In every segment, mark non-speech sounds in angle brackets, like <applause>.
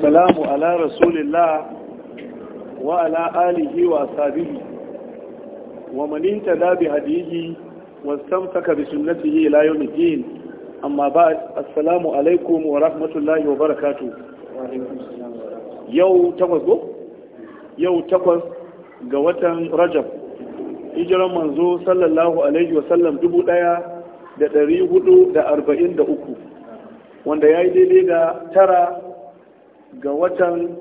salatu wa ala rasulillah wa ala alihi wa sabihi wa maninta dabi hadihi wa samtaka bi sunnatihi ila yawmi din amma ba assalamu alaikum wa rahmatullahi wa barakatuh yau takwas ga watan rajab hijiran manzo sallallahu alaihi wa sallam dubu daya da ɗari hudu da arba'in da uku wanda ya yi daidai da tara ga watan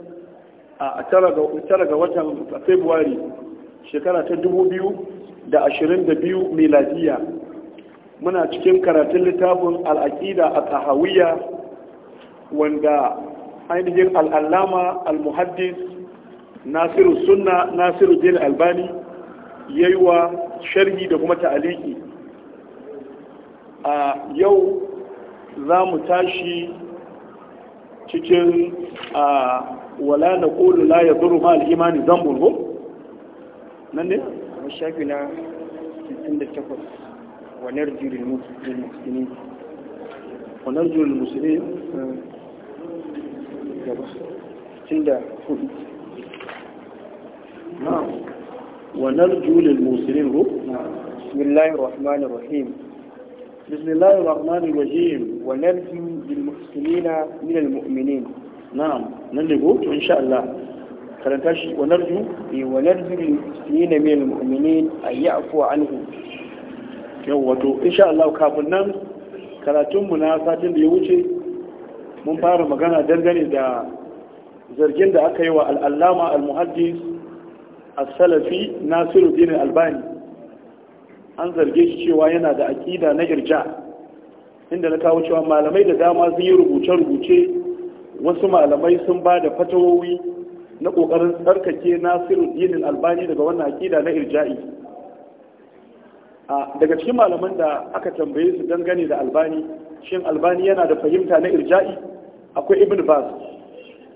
a tara ga watan februari shekara ta dubu da ashirin da biyu miladiya muna cikin karatun littafin al'aƙida a tahawiyya wanda ainihin al'allama al-muhaddis nasiru sunna nasiru din albani ya yi wa sharhi da kuma ta'aliki a yau za mu tashi cikin wala na ƙoli la ya zuru ma'al imani zambul ko? nan ne? a shafi na 68 wanar jirin musulmi wanar jirin musulmi gaba 64 na wanar jirin musulmi ko? bismillahir rahmanir rahim بسم الله الرحمن الرحيم ونرجو للمحسنين من المؤمنين نعم نلقو إن شاء الله كرنتاش ونرجو ونرجو للمحسنين من المؤمنين أن يعفو عنهم yawwato insha Allah kafin nan karatunmu na satin da ya wuce mun fara magana dangane da zargin da aka yi wa al'allama al-muhaddis as-salafi nasiruddin albani an zarge shi cewa yana da aƙida na irja inda na kawo cewa malamai da dama sun yi rubuce-rubuce wasu malamai sun ba da fatawowi na ƙoƙarin tsarkake nasiru dinin albani daga wannan aƙida na irja'i daga cikin malaman da aka tambaye su dangane da albani shin albani yana da fahimta na irja'i akwai ibn baz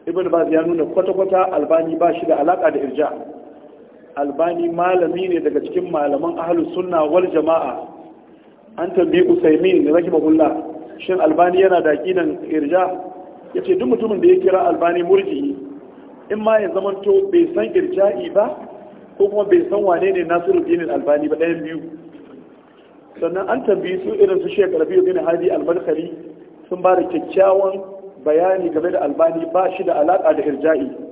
ibn baz ya nuna kwata-kwata albani ba shi da alaƙa da irja'i albani malami ne daga cikin malaman ahlu sunna wal jama'a an tambayi usaimin rahimahullah shin albani yana da aqidan irja yace duk mutumin da ya kira albani murji'i in ma ya to bai san irja'i ba ko kuma bai san wane ne nasiru albani ba ɗayan biyu sannan an tambayi su irin su shekara biyu bin hadi albarkari sun ba da kyakkyawan bayani game da albani ba shi da alaka da irja'i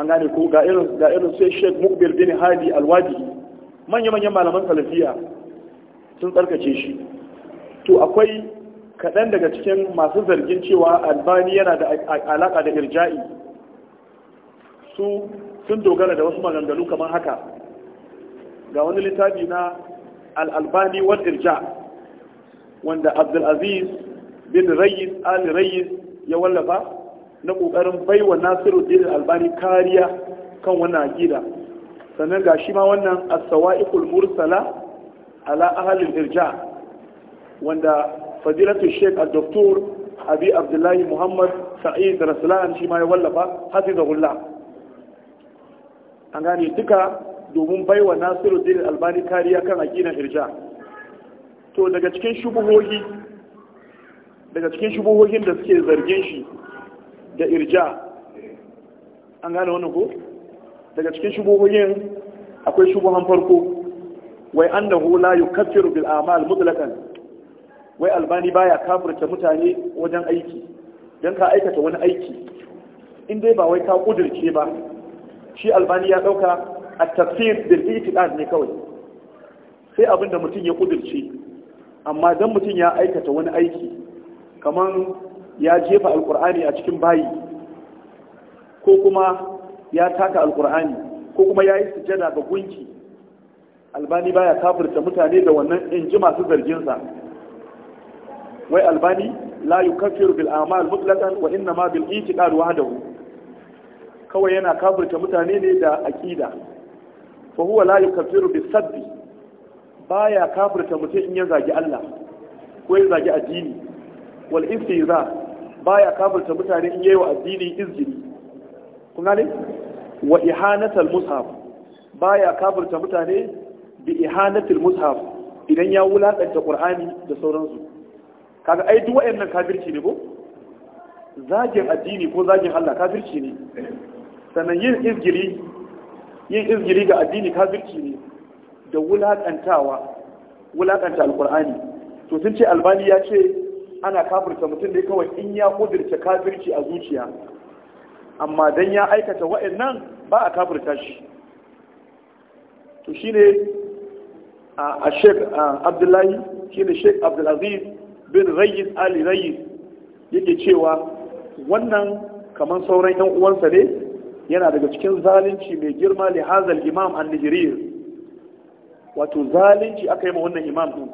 an gane ko ga irin ga irin sai Sheikh bin Hadi alwadi manya manyan malaman salafiya sun tsarkace shi to akwai kaɗan daga cikin masu zargin cewa albani yana da alaƙa da irja'i su sun dogara da wasu maganganu kamar haka ga wani littafi na albani wal irja wanda abdulaziz bin rayis ali rayis ya wallafa na kokarin baiwa nasiru din albani kariya kan wannan gida sannan ga shi ma wannan as-sawa'iqul mursala ala ahli irja wanda fadilatu sheikh al-doktor abi abdullahi muhammad sa'id raslan shi ma ya wallafa hafizahullah an gane duka domin baiwa nasiru din albani kariya kan aqidan irja to daga cikin shubuhohi daga cikin shubuhohin da suke zargin shi da irja an gane wani ko daga cikin shubuhoyin akwai shubuhan farko wai annahu la yukaffiru bil a'mal mutlaqan wai albani baya kafirta mutane wajen aiki dan ka aikata wani aiki in dai ba wai ka kudirce ba shi albani ya dauka at-tafsir bil i'tiqad ne kawai sai abinda mutum ya kudirce amma dan mutum ya aikata wani aiki kaman ya jefa alkur'ani a cikin bayi ko kuma ya taka alkur'ani ko kuma ya yi sujada ga gunki albani baya kafirta mutane da wannan in ji masu zarginsa wai albani la yukaffiru bil a'mal mutlaqan wa inna ma bil i'tiqad wahdahu kawai yana kafirta mutane ne da aqida fa huwa la yukaffiru bis sabbi baya kafirta mutum in ya zagi Allah ko ya zagi addini wal istiza baya kafirta mutane in yayi wa addini izini kun gane wa ihanatul mushaf baya kafirta mutane bi ihanatul mushaf idan ya wulakanta qur'ani da sauransu kaga ai duk wayannan kafirci ne ko zagin addini ko zagin Allah kafirci ne sannan yin izgiri yin izgiri ga addini kafirci ne da wulakantawa wulakanta alqur'ani to sun ce albani ya ce ana kafirta mutum ne kawai in ya kudirce kafirci a zuciya amma dan ya aikata wa'annan ba a kafirta shi to shine a Sheikh Abdullahi shine Sheikh Abdul Aziz bin rayyid Ali Rayyis yake cewa wannan kamar sauran yan uwansa ne yana daga cikin zalunci mai girma li hazal imam an-Nijriyy wato zalunci aka yi ma wannan imam din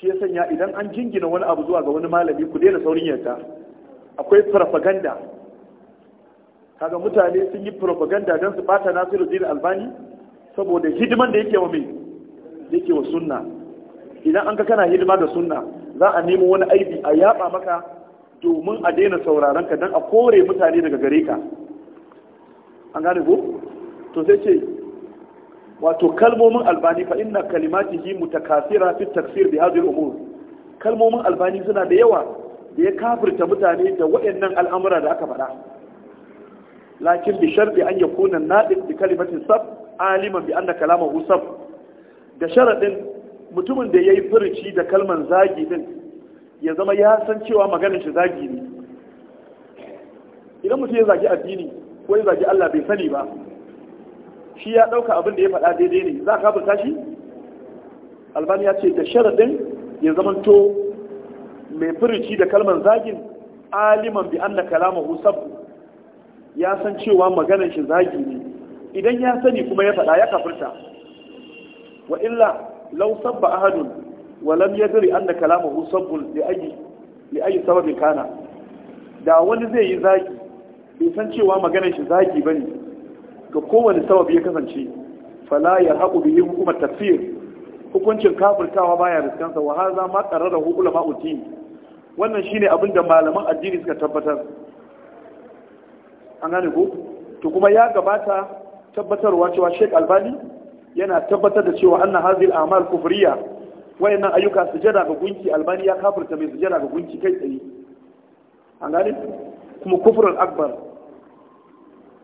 shi ya sanya idan an jingina wani abu zuwa ga wani malami ku daina saurin yarda akwai propaganda. kaga mutane sun yi propaganda don su bata nasiru din albani saboda hidiman da yake wa mai yake wa sunna idan an ka kana hidima da sunna za a nemo wani aibi a yaba maka domin a daina sauraron ka don a kore mutane daga gare ka an gane ko to sai ce wato kalmomin albani fa inna kalimatihi mutakasira fi taksir bi hadhihi al-umur kalmomin albani suna da yawa da ya kafirta mutane da waɗannan al'amura da aka faɗa lakin bi sharti an yakuna nadiq bi kalimatin sab aliman bi anna kalamahu sab da sharadin mutumin da yayi furuci da kalman zagi din ya zama ya san cewa maganar shi zagi ne idan mutum ya zagi addini ko ya zagi Allah bai sani ba shi ya ɗauka abin da ya faɗa daidai ne za ka furta shi albani ya ce da sharaɗin ya zamanto mai furici da kalmar zagin aliman bi da kalama husabu. ya san cewa maganar shi zagi ne idan ya sani kuma ya faɗa ya kafirta wa illa law sabba ahadun wa lam yadri anna kalamahu kalama li ayi li ayi sababin kana da wani zai yi zagi bai san cewa maganar shi zagi bane ga kowane sababi ya kasance fala ya haƙu hukumar tafiyar hukuncin kafirtawa baya riskansa wa har za ma ƙararra hukula ma'uti wannan shine abin da malaman addini suka tabbatar an gane ko to kuma ya gabata tabbatarwa cewa sheik albani yana tabbatar da cewa ana hazil amal kufriya wayannan ayyuka sujada ga gunki albani ya kafirta mai sujada ga gunki kai tsaye an gane kuma kufrul akbar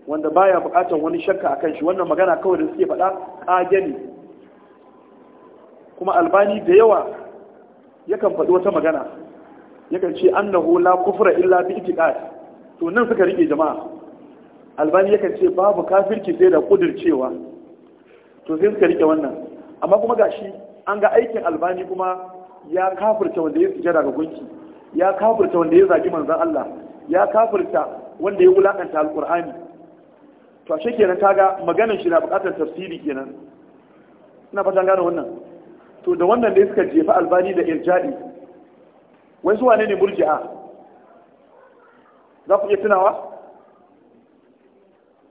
wanda baya bukatar wani shakka akan shi wannan magana kawai da suke faɗa ƙage ne kuma albani da yawa yakan faɗi wata magana yakan ce annahu la kufra illa bi itiqad to nan suka rike jama'a albani yakan ce babu kafirci sai da kudircewa to sai suka rike wannan amma kuma gashi an ga aikin albani kuma ya kafirta wanda ya sujada ga gunki ya kafirta wanda ya zagi manzon Allah ya kafirta wanda ya wulakanta alqur'ani to ashe kenan kaga maganar shi na bukatar tafsiri kenan ina fatan gane wannan to da wannan ne suka jefa albani da irjadi wai su wane ne murji'a za ku iya tunawa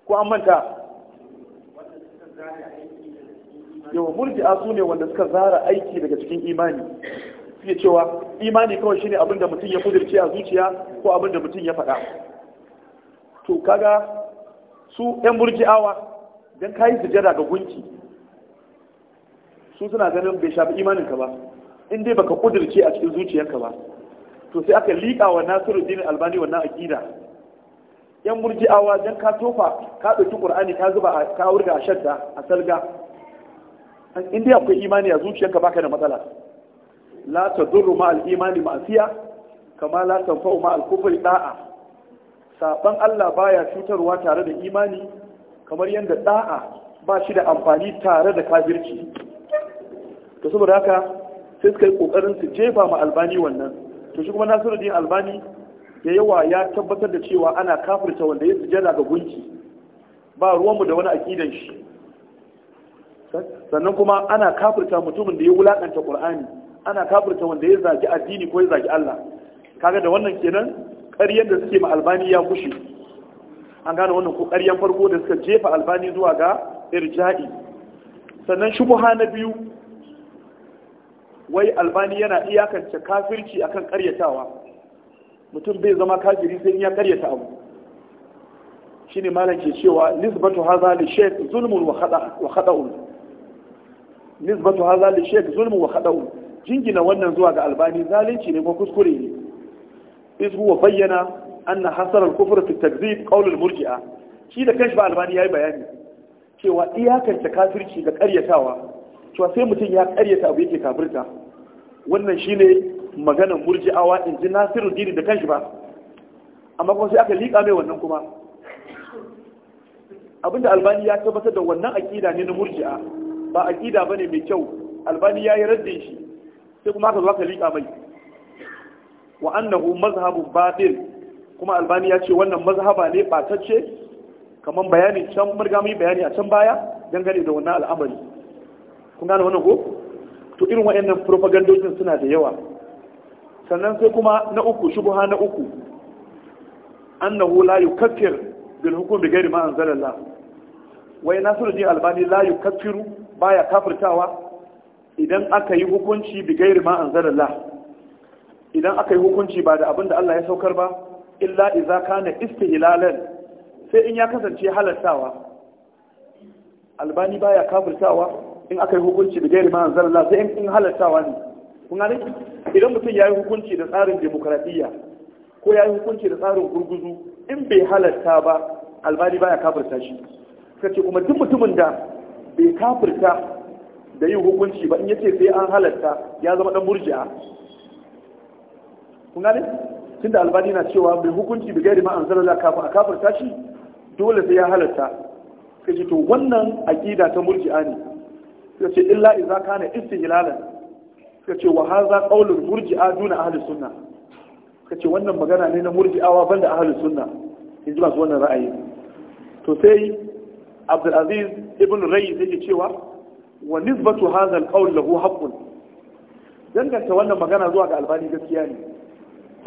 ko an manta yawa murji'a su ne wanda suka zara aiki daga cikin imani suke cewa imani kawai shine abin da mutum ya kudirce a zuciya ko abinda mutum ya faɗa to kaga su yan burji'awa don kayi sujada ga gunki su suna ganin bai shafi imaninka ba in dai baka kudirce a cikin zuciyarka ba to sai aka liƙa wa nasiru dinin albani wannan aƙida yan murji'awa don ka tofa ka ɗauki ƙur'ani ka zuba ka kawur a shadda a salga in dai akwai imani a zuciyarka baka da matsala la tadurru ma al'imani imani ma'asiya kama la fa'u ma al-kufri da'a saban Allah baya cutarwa tare da imani kamar yadda da'a ba shi da amfani tare da kafirci to saboda haka sai suka yi kokarin su jefa ma albani wannan to shi kuma nasiruddin albani da yawa ya tabbatar da cewa ana kafirta wanda ya sujada ga gunki ba ruwanmu da wani akidan shi sannan kuma ana kafirta mutumin da ya wulakanta ƙur'ani, ana kafirta wanda ya zagi addini ko ya zagi Allah kaga da wannan kenan ƙaryar da suke ma albani ya kushe an gane wannan ko ƙaryar farko da suka jefa albani zuwa ga irja'i sannan shubuha na biyu wai albani yana iyakance kafirci akan ƙaryatawa mutum bai zama kafiri sai ya ƙaryata abu ne malam ke cewa nisbatu haza li zulmun wa khada'un nisbatu haza li zulmun wa khada'un jingina wannan zuwa ga albani zalunci ne ko kuskure ne iz huwa bayyana anna hasar al-kufr fi takzib shi da kashi ba albani yayi bayani cewa iyakance kafirci da karyatawa cewa sai mutum ya karyata abu yake kafirta wannan shine maganar murji'awa in ji nasiru dini da kanshi ba amma kuma sai aka liƙa mai wannan kuma abinda albani ya tabbatar da wannan aƙida ne na murji'a ba aƙida bane mai kyau albani ya yi raddin shi sai kuma aka ka aka liƙa mai wa annahu mazhabun batil kuma albani ya ce wannan mazhaba ne batacce kamar bayani can murgami bayani a can baya dangane da wannan al'amari kun gane wannan ko to irin wayannan propagandojin suna da yawa sannan sai kuma na uku shubha na uku annahu la yukaffir bil hukm bi ghairi ma anzalallah wai nasiruddin albani la yukaffiru baya kafirtawa idan aka yi hukunci bi ghairi ma anzalallah idan aka yi hukunci ba da abin da Allah ya saukar ba illa na kana istihlalan sai in ya kasance halartawa albani baya kafirtawa in aka yi hukunci da gairi manzon Allah sai in halartawa ne kun gane idan mutum ya yi hukunci da tsarin demokradiyya ko ya yi hukunci da tsarin gurguzu in bai halarta ba albani baya kafirta shi kace kuma duk mutumin da bai kafirta da yin hukunci ba in yace sai an halarta ya zama dan murji'a kun gane tunda albani na cewa mai hukunci bi gairi ma'an anzalala kafin a kafar tashi. dole sai ya halarta. ka ce to wannan aƙida ta murji'a ne ce, illa idza kana ka ce, wa hadha qawlul murji'a duna suna? sunna ce, wannan magana ne na murji'awa da ahli sunna in ji masu wannan ra'ayi to sai Abdul Aziz ibn zai ke cewa wa nisbatu hadha al-qawl lahu haqqun danganta wannan magana zuwa ga albani gaskiya ne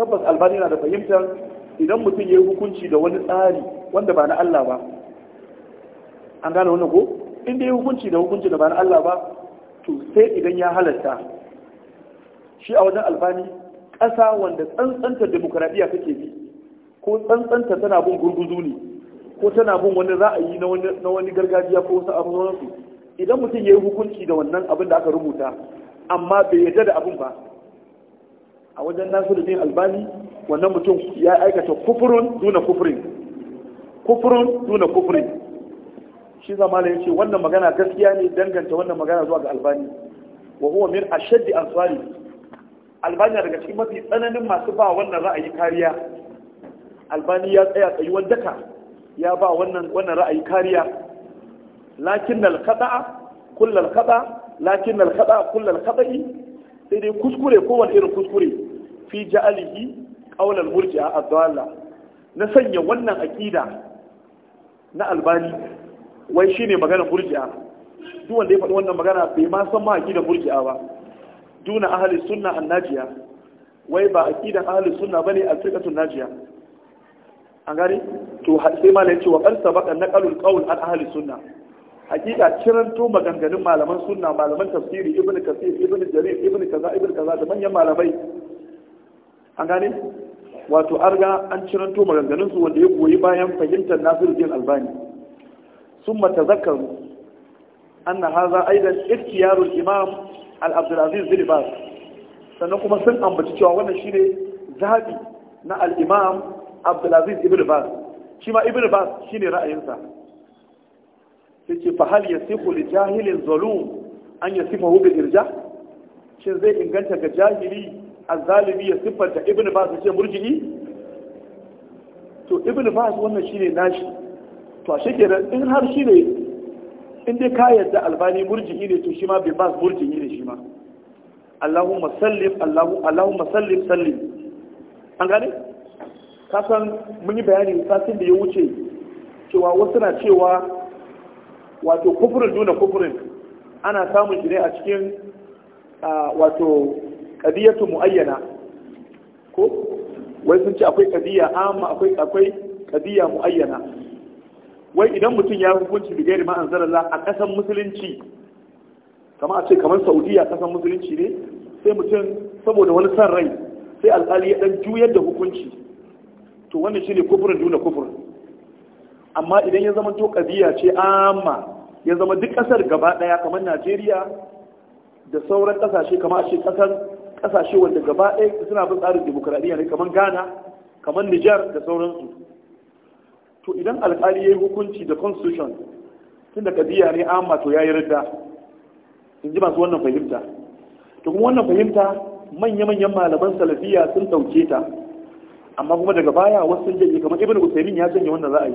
tabbas albani na da fahimtar idan mutum ya yi hukunci da wani tsari wanda ba na Allah ba an gane wannan ko inda ya yi hukunci da hukunci da ba na Allah ba to sai idan ya halatta shi a wajen albani ƙasa wanda tsantsanta demokuraɗiyya kake bi ko tsantsanta tana bin gurguzu ne ko tana bin wani ra'ayi na wani gargajiya ko wasu abu idan mutum ya yi hukunci da wannan abin da aka rubuta amma bai yarda da abin ba a wajen nasiruddin albani wannan mutum ya aikata kufurun duna kufurin kufurun duna kufurin shi zama da yace wannan magana gaskiya ne danganta wannan magana zuwa ga albani wa huwa min ashaddi ansari albani daga cikin mafi tsananin masu ba wannan ra'ayi kariya albani ya tsaya tsayuwar daka ya ba wannan wannan ra'ayi kariya lakin al khata'a kullal khata lakin al khata kullal khata'i sai dai kuskure kowane irin kuskure fi ja'alihi ƙaunar murji a dalla na sanya wannan aqida na albani wai shi ne maganar a duk wanda ya faɗi wannan magana bai ma san ma murji a ba duna ahali sunna an-najiya wai ba aqidar ahli sunna ne al-firqatu najiya an gari to sai malai cewa baƙa na naqalul ƙawul an ahali sunna hakika ciranto maganganun malaman sunna malaman tafsiri ibn kasir ibn jarir ibn kaza ibn kaza da manyan malamai an gane wato arga an ciranto maganganun su wanda ya goyi bayan fahimtar nasiruddin albani summa tazakkaru anna hadha aidan ikhtiyarul imam al-abdul aziz bin baz sannan kuma sun ambaci cewa wannan shine zabi na al-imam Abdulaziz aziz ibn baz shi ma ibn baz shine ra'ayinsa sai ce fa hal yasihu li jahilin zalum an hu bi irja shin zai inganta ga jahili azzalimi ya siffanta ibn bas ce murji'i to ibn bas wannan shine nashi to ashe kenan in har shine in dai ka yadda albani murji'i ne to shi ma ba bas murji'i ne shi ma Allahumma sallim Allahu Allahumma sallim sallim an gane ka san mun yi bayani satin da ya wuce cewa wasu na cewa wato kufurin nuna kufurin ana samun shi ne a cikin wato kadiyatu muayyana ko wai sun ce akwai kadiya amma akwai akwai kadiya muayyana wai idan mutum ya hukunci bi gairi ma'an anzalallah a kasan musulunci kamar a ce kamar saudiya kasan musulunci ne sai mutum saboda wani san rai sai alƙali ya dan juyar da hukunci to wannan shine kufurin duna kufurin amma idan ya zama to ƙabiya ce amma ya zama duk ƙasar gaba ɗaya kamar najeriya da sauran ƙasashe kamar a ce ƙasashe wanda gaba ɗaya suna bin tsarin demokuraɗiyya ne kamar ghana kamar nijar da sauransu to idan alƙali ya yi hukunci da constitution tun da ƙabiya ne amma to ya yi radda in ji masu wannan fahimta to kuma wannan fahimta manya-manyan malaman salafiya sun ɗauke ta amma kuma daga baya wasu sun janye kamar ibn usaimin ya sanya wannan ra'ayi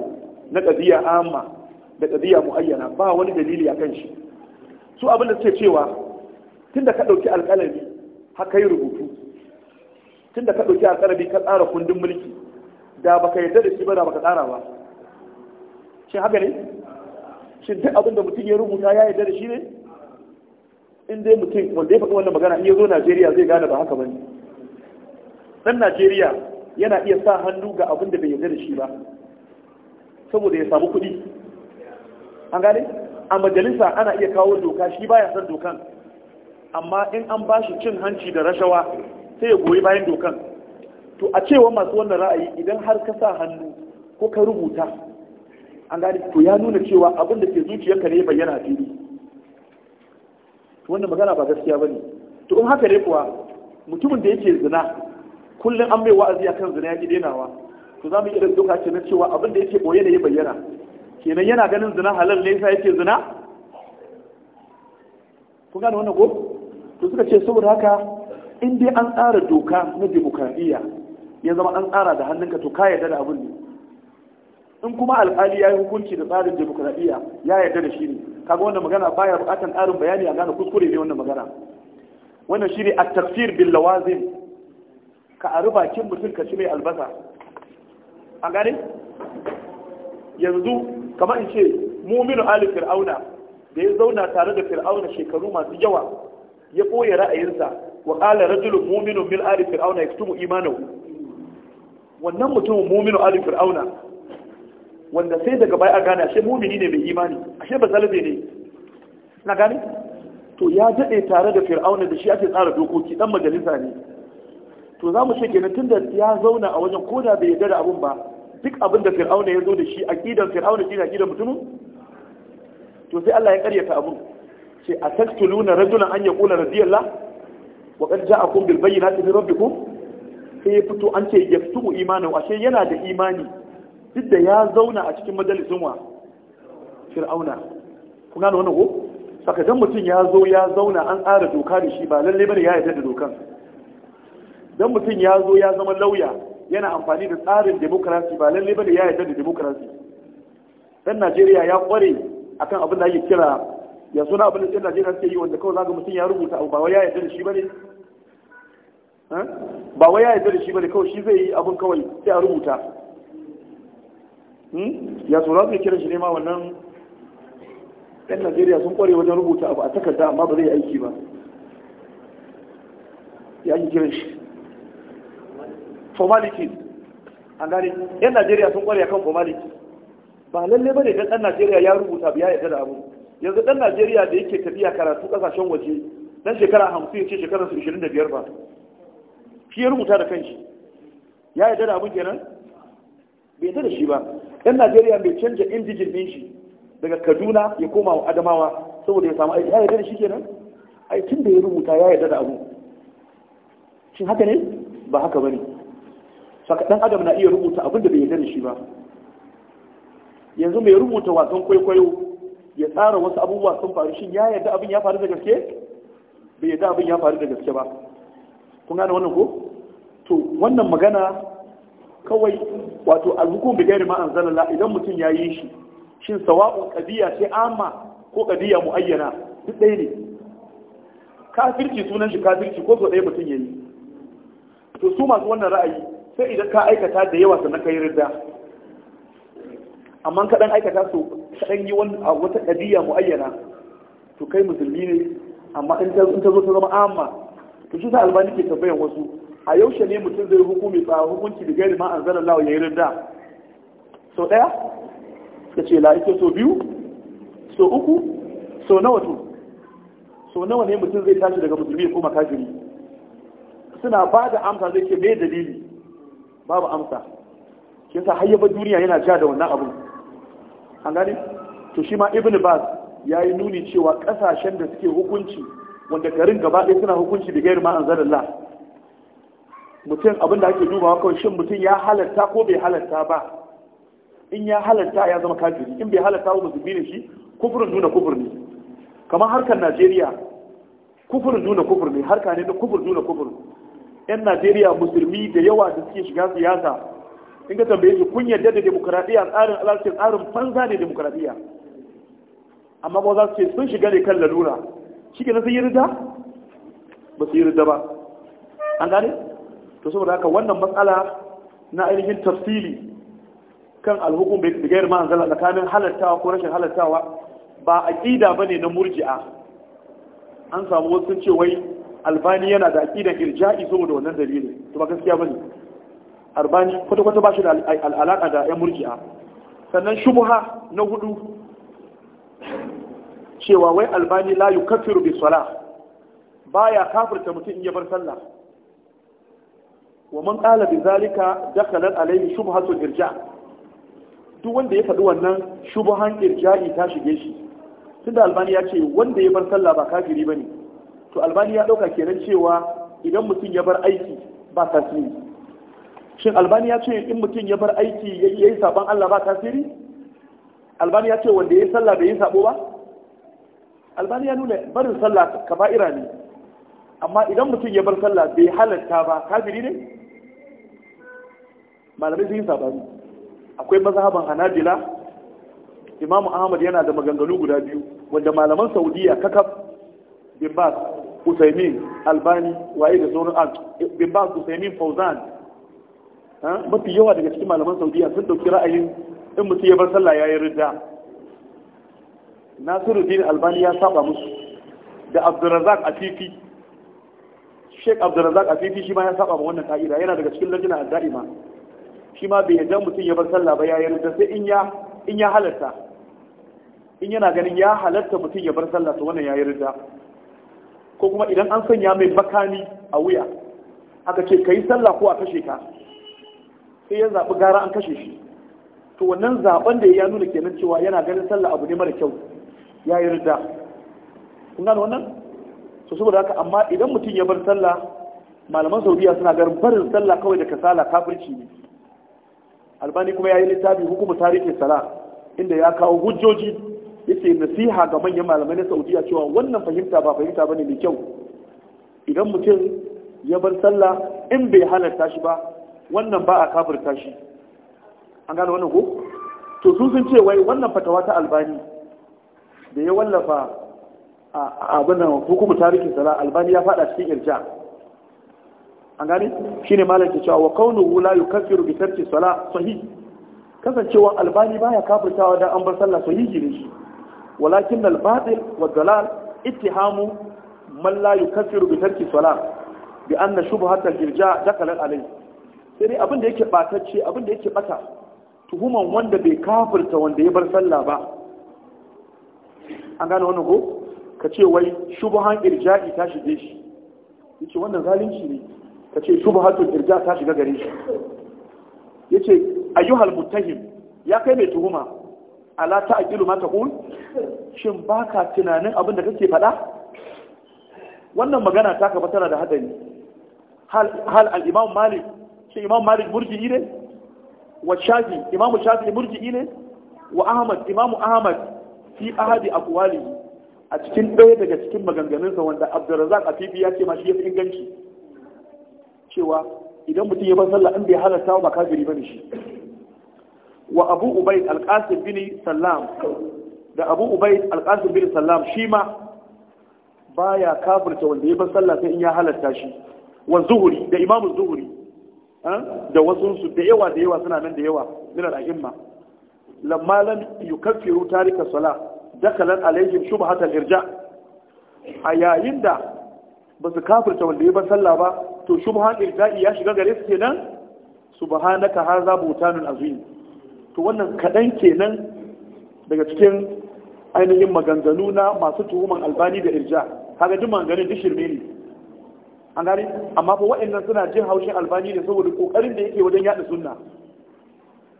na qadiya amma da qadiya muayyana ba wani dalili a kan shi su abin da suke cewa tunda ka ɗauki alƙalami haka yi rubutu tunda ka ɗauki alƙalami ka tsara kundin mulki da baka yarda da shi ba da baka tsara ba shin haka ne shin duk abin da mutum ya rubuta ya yarda da shi ne in dai mutum wanda ya faɗi wannan magana in ya zo Najeriya zai gane ba haka ba ne. Ɗan Najeriya yana iya sa hannu ga abin da bai yarda da shi ba saboda ya samu kuɗi an gane a majalisa ana iya kawo doka shi baya son dokan amma in an ba shi cin hanci da rashawa sai ya goyi bayan dokan to a cewa masu wannan ra'ayi idan har ka sa hannu ko ka rubuta an gane to ya nuna cewa abin da ke zuciyarka ne bayyana fili wannan magana ba gaskiya bane to in haka ne kuwa mutumin da yake zina kullum an mai wa'azi kan zina ya ki dainawa. to za mu iya doka na cewa abin da yake boye ne ya bayyana kenan yana ganin zina halal ne sai yake zina kun gane wannan ko to suka ce saboda haka in dai an tsara doka na demokradiyya ya zama an tsara da hannunka to ka yarda da abin ne in kuma alƙali ya yi hukunci da tsarin demokradiyya ya yarda da shi ne kaga wannan magana baya bukatan tsarin bayani a gane kuskure ne wannan magana wannan shi ne a tafsir bil lawazim ka a bakin mutum ka ci mai albasa A gane yanzu kamar in ce muminu ali fir'auna da ya zauna tare da fir'auna shekaru masu yawa ya ɓoye ra'ayinsa wa qala rajulun muminu mil ali fir'auna ya yaktumu imanu wannan mutumin muminu ali fir'auna wanda sai daga baya a gane ashe mumini ne mai imani ashe ba salabe ne na gane to ya daɗe tare da fir'auna da shi ake tsara dokoki dan majalisa ne to za mu ce kenan da ya zauna a wajen koda bai yarda da abun ba duk abin da fir'auna ya zo da shi aqidan fir'auna shi ne aqidan mutumin to sai Allah ya karyata abun ce a taktuluna rajulan an yaqula radiyallah wa qad ja'akum bil bayyinati min rabbikum sai ya fito an ce yaftu imanu ashe yana da imani duk da ya zauna a cikin majalisin wa fir'auna Kuna gane wannan ko saka dan mutum ya zo ya zauna an tsara doka da shi ba lalle bane ya yarda da dokan don mutum ya zo ya zama lauya yana amfani da tsarin demokarasi ba lalle da ya yarda da demokarasi dan Najeriya ya kware akan abin da ake kira ya suna abin da ɗan Najeriya suke yi wanda kawai zaga mutum ya rubuta abu ba wai ya yarda da shi bane ba wai ya yarda da shi ne kawai shi zai yi abin kawai sai a rubuta hmm? ya suna su kira shi ne ma wannan ɗan Najeriya sun kware wajen rubuta abu a takarda amma ba zai aiki ba ya yi kiran shi formalities an gane yan najeriya sun kware kan formalities ba lalle ba ne don ɗan najeriya ya rubuta biya ya da abu yanzu ɗan najeriya da yake tafiya karatu ƙasashen waje ɗan shekara hamsin ce shekara su da biyar ba shi ya rubuta da kanshi ya yarda da abu kenan bai yarda da shi ba Ɗan najeriya bai canja indijin din shi daga kaduna ya koma wa adamawa saboda ya samu aiki ya yarda da shi kenan ai tun da ya rubuta ya yarda da abu shin haka ne ba haka ba ne. saka dan adam na iya rubuta abin da bai yarda da shi ba yanzu mai rubuta wasan kwaikwayo ya tsara wasu abubuwa sun faru shin ya yarda abin ya faru da gaske bai yarda abin ya faru da gaske ba kun gane wannan ko to wannan magana kawai wato alhukum bi gairi ma anzalalla idan mutum ya yi shi shin sawa'un qadiya sai amma ko qadiya muayyana duk ɗaya ne kafirci sunan shi kafirci ko so ɗaya mutum ya yi to su masu wannan ra'ayi sai idan ka aikata da yawa sannan ka yi rida amma kaɗan aikata su kaɗan yi wani wata ɗabi'a mu'ayyana to kai musulmi ne amma in ta zo ta zama amma to shi sa albani ke tambayar wasu a yaushe ne mutum zai hukumi ba hukunci da gari ma an zara lawa ya yi rida sau ɗaya ka ce la ita so biyu so uku so nawa to so nawa ne mutum zai tashi daga musulmi ya koma kafiri suna ba da amsa zai ke me dalili babu amsa shi yasa ba duniya yana ja da wannan abu an gane to shi ma ibn bas ya yi nuni cewa kasashen da suke hukunci wanda garin gaba ɗaya suna hukunci da gairi ma'an mutum abin da ake dubawa kawai shin mutum ya halatta ko bai halatta ba in ya halatta ya zama kafiri in bai halatta ba musulmi ne shi kufurin nuna kufur ne kamar harkar najeriya kufurin nuna kufur ne harka ne na kufur nuna kufur 'yan najeriya musulmi da yawa da suke shiga siyasa in ka tambaye su kun yarda da demokuraɗiyya tsarin alaskin tsarin banza ne demokuraɗiyya amma ba za su ce sun shiga ne kan lalura shi ke sun yi rida ba su yi ba an gane to saboda haka wannan matsala na ainihin tafsili kan alhukum bai daga gairar zala tsakanin halartawa ko rashin halattawa ba aƙida ba ne na murji'a an samu wasu sun ce wai albani yana da aqidan irja'i saboda wannan dalilin to ba gaskiya bane albani kwata kwata ba shi da al'alaka da yan murji'a sannan shubha na hudu cewa wai albani la yukaffiru bi salah baya kafirta mutum in ya bar sallah wa man qala bi zalika dakhala alayhi shubhatu irja duk wanda ya faɗi wannan shubhan irja'i ta shige shi tunda albani ya ce wanda ya bar sallah ba kafiri bane to albani ya ɗauka kenan cewa idan mutum ya bar aiki ba tasiri shin albani ya ce in mutum ya bar aiki ya yi saban Allah ba tasiri albani ya ce wanda ya yi sallah bai yi sabo ba albani ya nuna barin sallah ira ne amma idan mutum ya bar sallah bai halatta ba kafiri ne malamai sun yi sabani akwai mazhaban hanabila imamu ahmad yana da maganganu guda biyu wanda malaman saudiya kakaf bin bas usaimin albani waye da sauran Al? Ah, bin ba usaimin fauzan mafi yawa daga cikin malaman saudiya sun dauki ra'ayin in mutum ya bar sallah ya yi ridda nasiruddin albani ya saba musu da abdurrazak afifi Sheikh abdurrazak afifi shi ma ya saba ma wannan ka'ida yana daga cikin lajina al-da'ima shi ma bai yadda mutum ya bar sallah ba ya yi ridda sai in ya in ya halatta in yana ganin ya halatta mutum ya bar sallah to wannan ya yi ridda ko kuma idan an sanya mai bakani a wuya aka ce ka yi sallah ko a kashe ka sai ya zaɓi gara an kashe shi to wannan zaɓen da ya nuna kenan cewa yana ganin sallah abu ne mara kyau ya yi rida kun gano wannan to saboda haka amma idan mutum ya bar sallah malaman saudiya suna ganin barin sallah kawai da kasala kafirci ne albani kuma ya yi littafi hukumar tarihi sala inda ya kawo hujjoji yake nasiha ga manyan malamai na saudiya cewa wannan fahimta ba fahimta bane mai kyau idan mutum ya bar sallah in bai halarta shi ba wannan ba a kafirta shi an gane wannan ko to su sun ce wai wannan fatawa ta albani da ya wallafa a abin da hukumu tarihin sala albani ya fada cikin irja an gane shine malam ke cewa wa kaunuhu la yukaffiru bi tarki sala sahih kasancewa albani baya kafirtawa da an bar sallah sahihi ne shi walakin الباطل والضلال wa من لا man بترك yukaffiru bi tarki الجرجاء دخل عليه shubhat al-irja sai dai abin da yake batacce abin da yake bata tuhuman wanda bai kafirta wanda ya bar sallah ba an gane wannan ko ka ce wai shubuhan irja'i ta shige shi yace wannan zalunci ne ka ce shubhatul irja ta shiga gare shi yace ayyuhal muttahim ya kai mai tuhuma ala ta'qilu ma taqul shin baka tunanin abin da kake faɗa wannan magana ta ka tana da hadari hal hal al imam malik shi imam malik murji'i ne wa shafi imam shafi murji'i ne wa ahmad imam ahmad fi ahadi aqwali a cikin ɗaya daga cikin maganganunsa wanda abdurrazzaq afifi ya ce ma shi ya fi inganci cewa idan mutum ya bar sallah in bai halarta ba kafiri bane shi wa abu ubaid alqasim bin sallam da abu ubaid alqasim bin sallam shi ma ya kafirta wanda ya bar sallah sai in ya halatta shi wa zuhuri da imamu zuhuri da wasu su da yawa da yawa suna nan da yawa min al-a'imma lamma lam yukaffiru tarika salah dakalan alaihim shubhatal irja a yayin da ba su kafirta wanda ya bar sallah ba to shubhan irja'i ya shiga gare su kenan subhanaka hadha butanun azim to wannan kaɗan kenan daga cikin ainihin maganganu na masu tuhuman albani da irja kaga duk maganganun duk shirme ne an amma fa waɗannan suna jin haushin albani ne saboda kokarin da yake wajen yaɗa sunna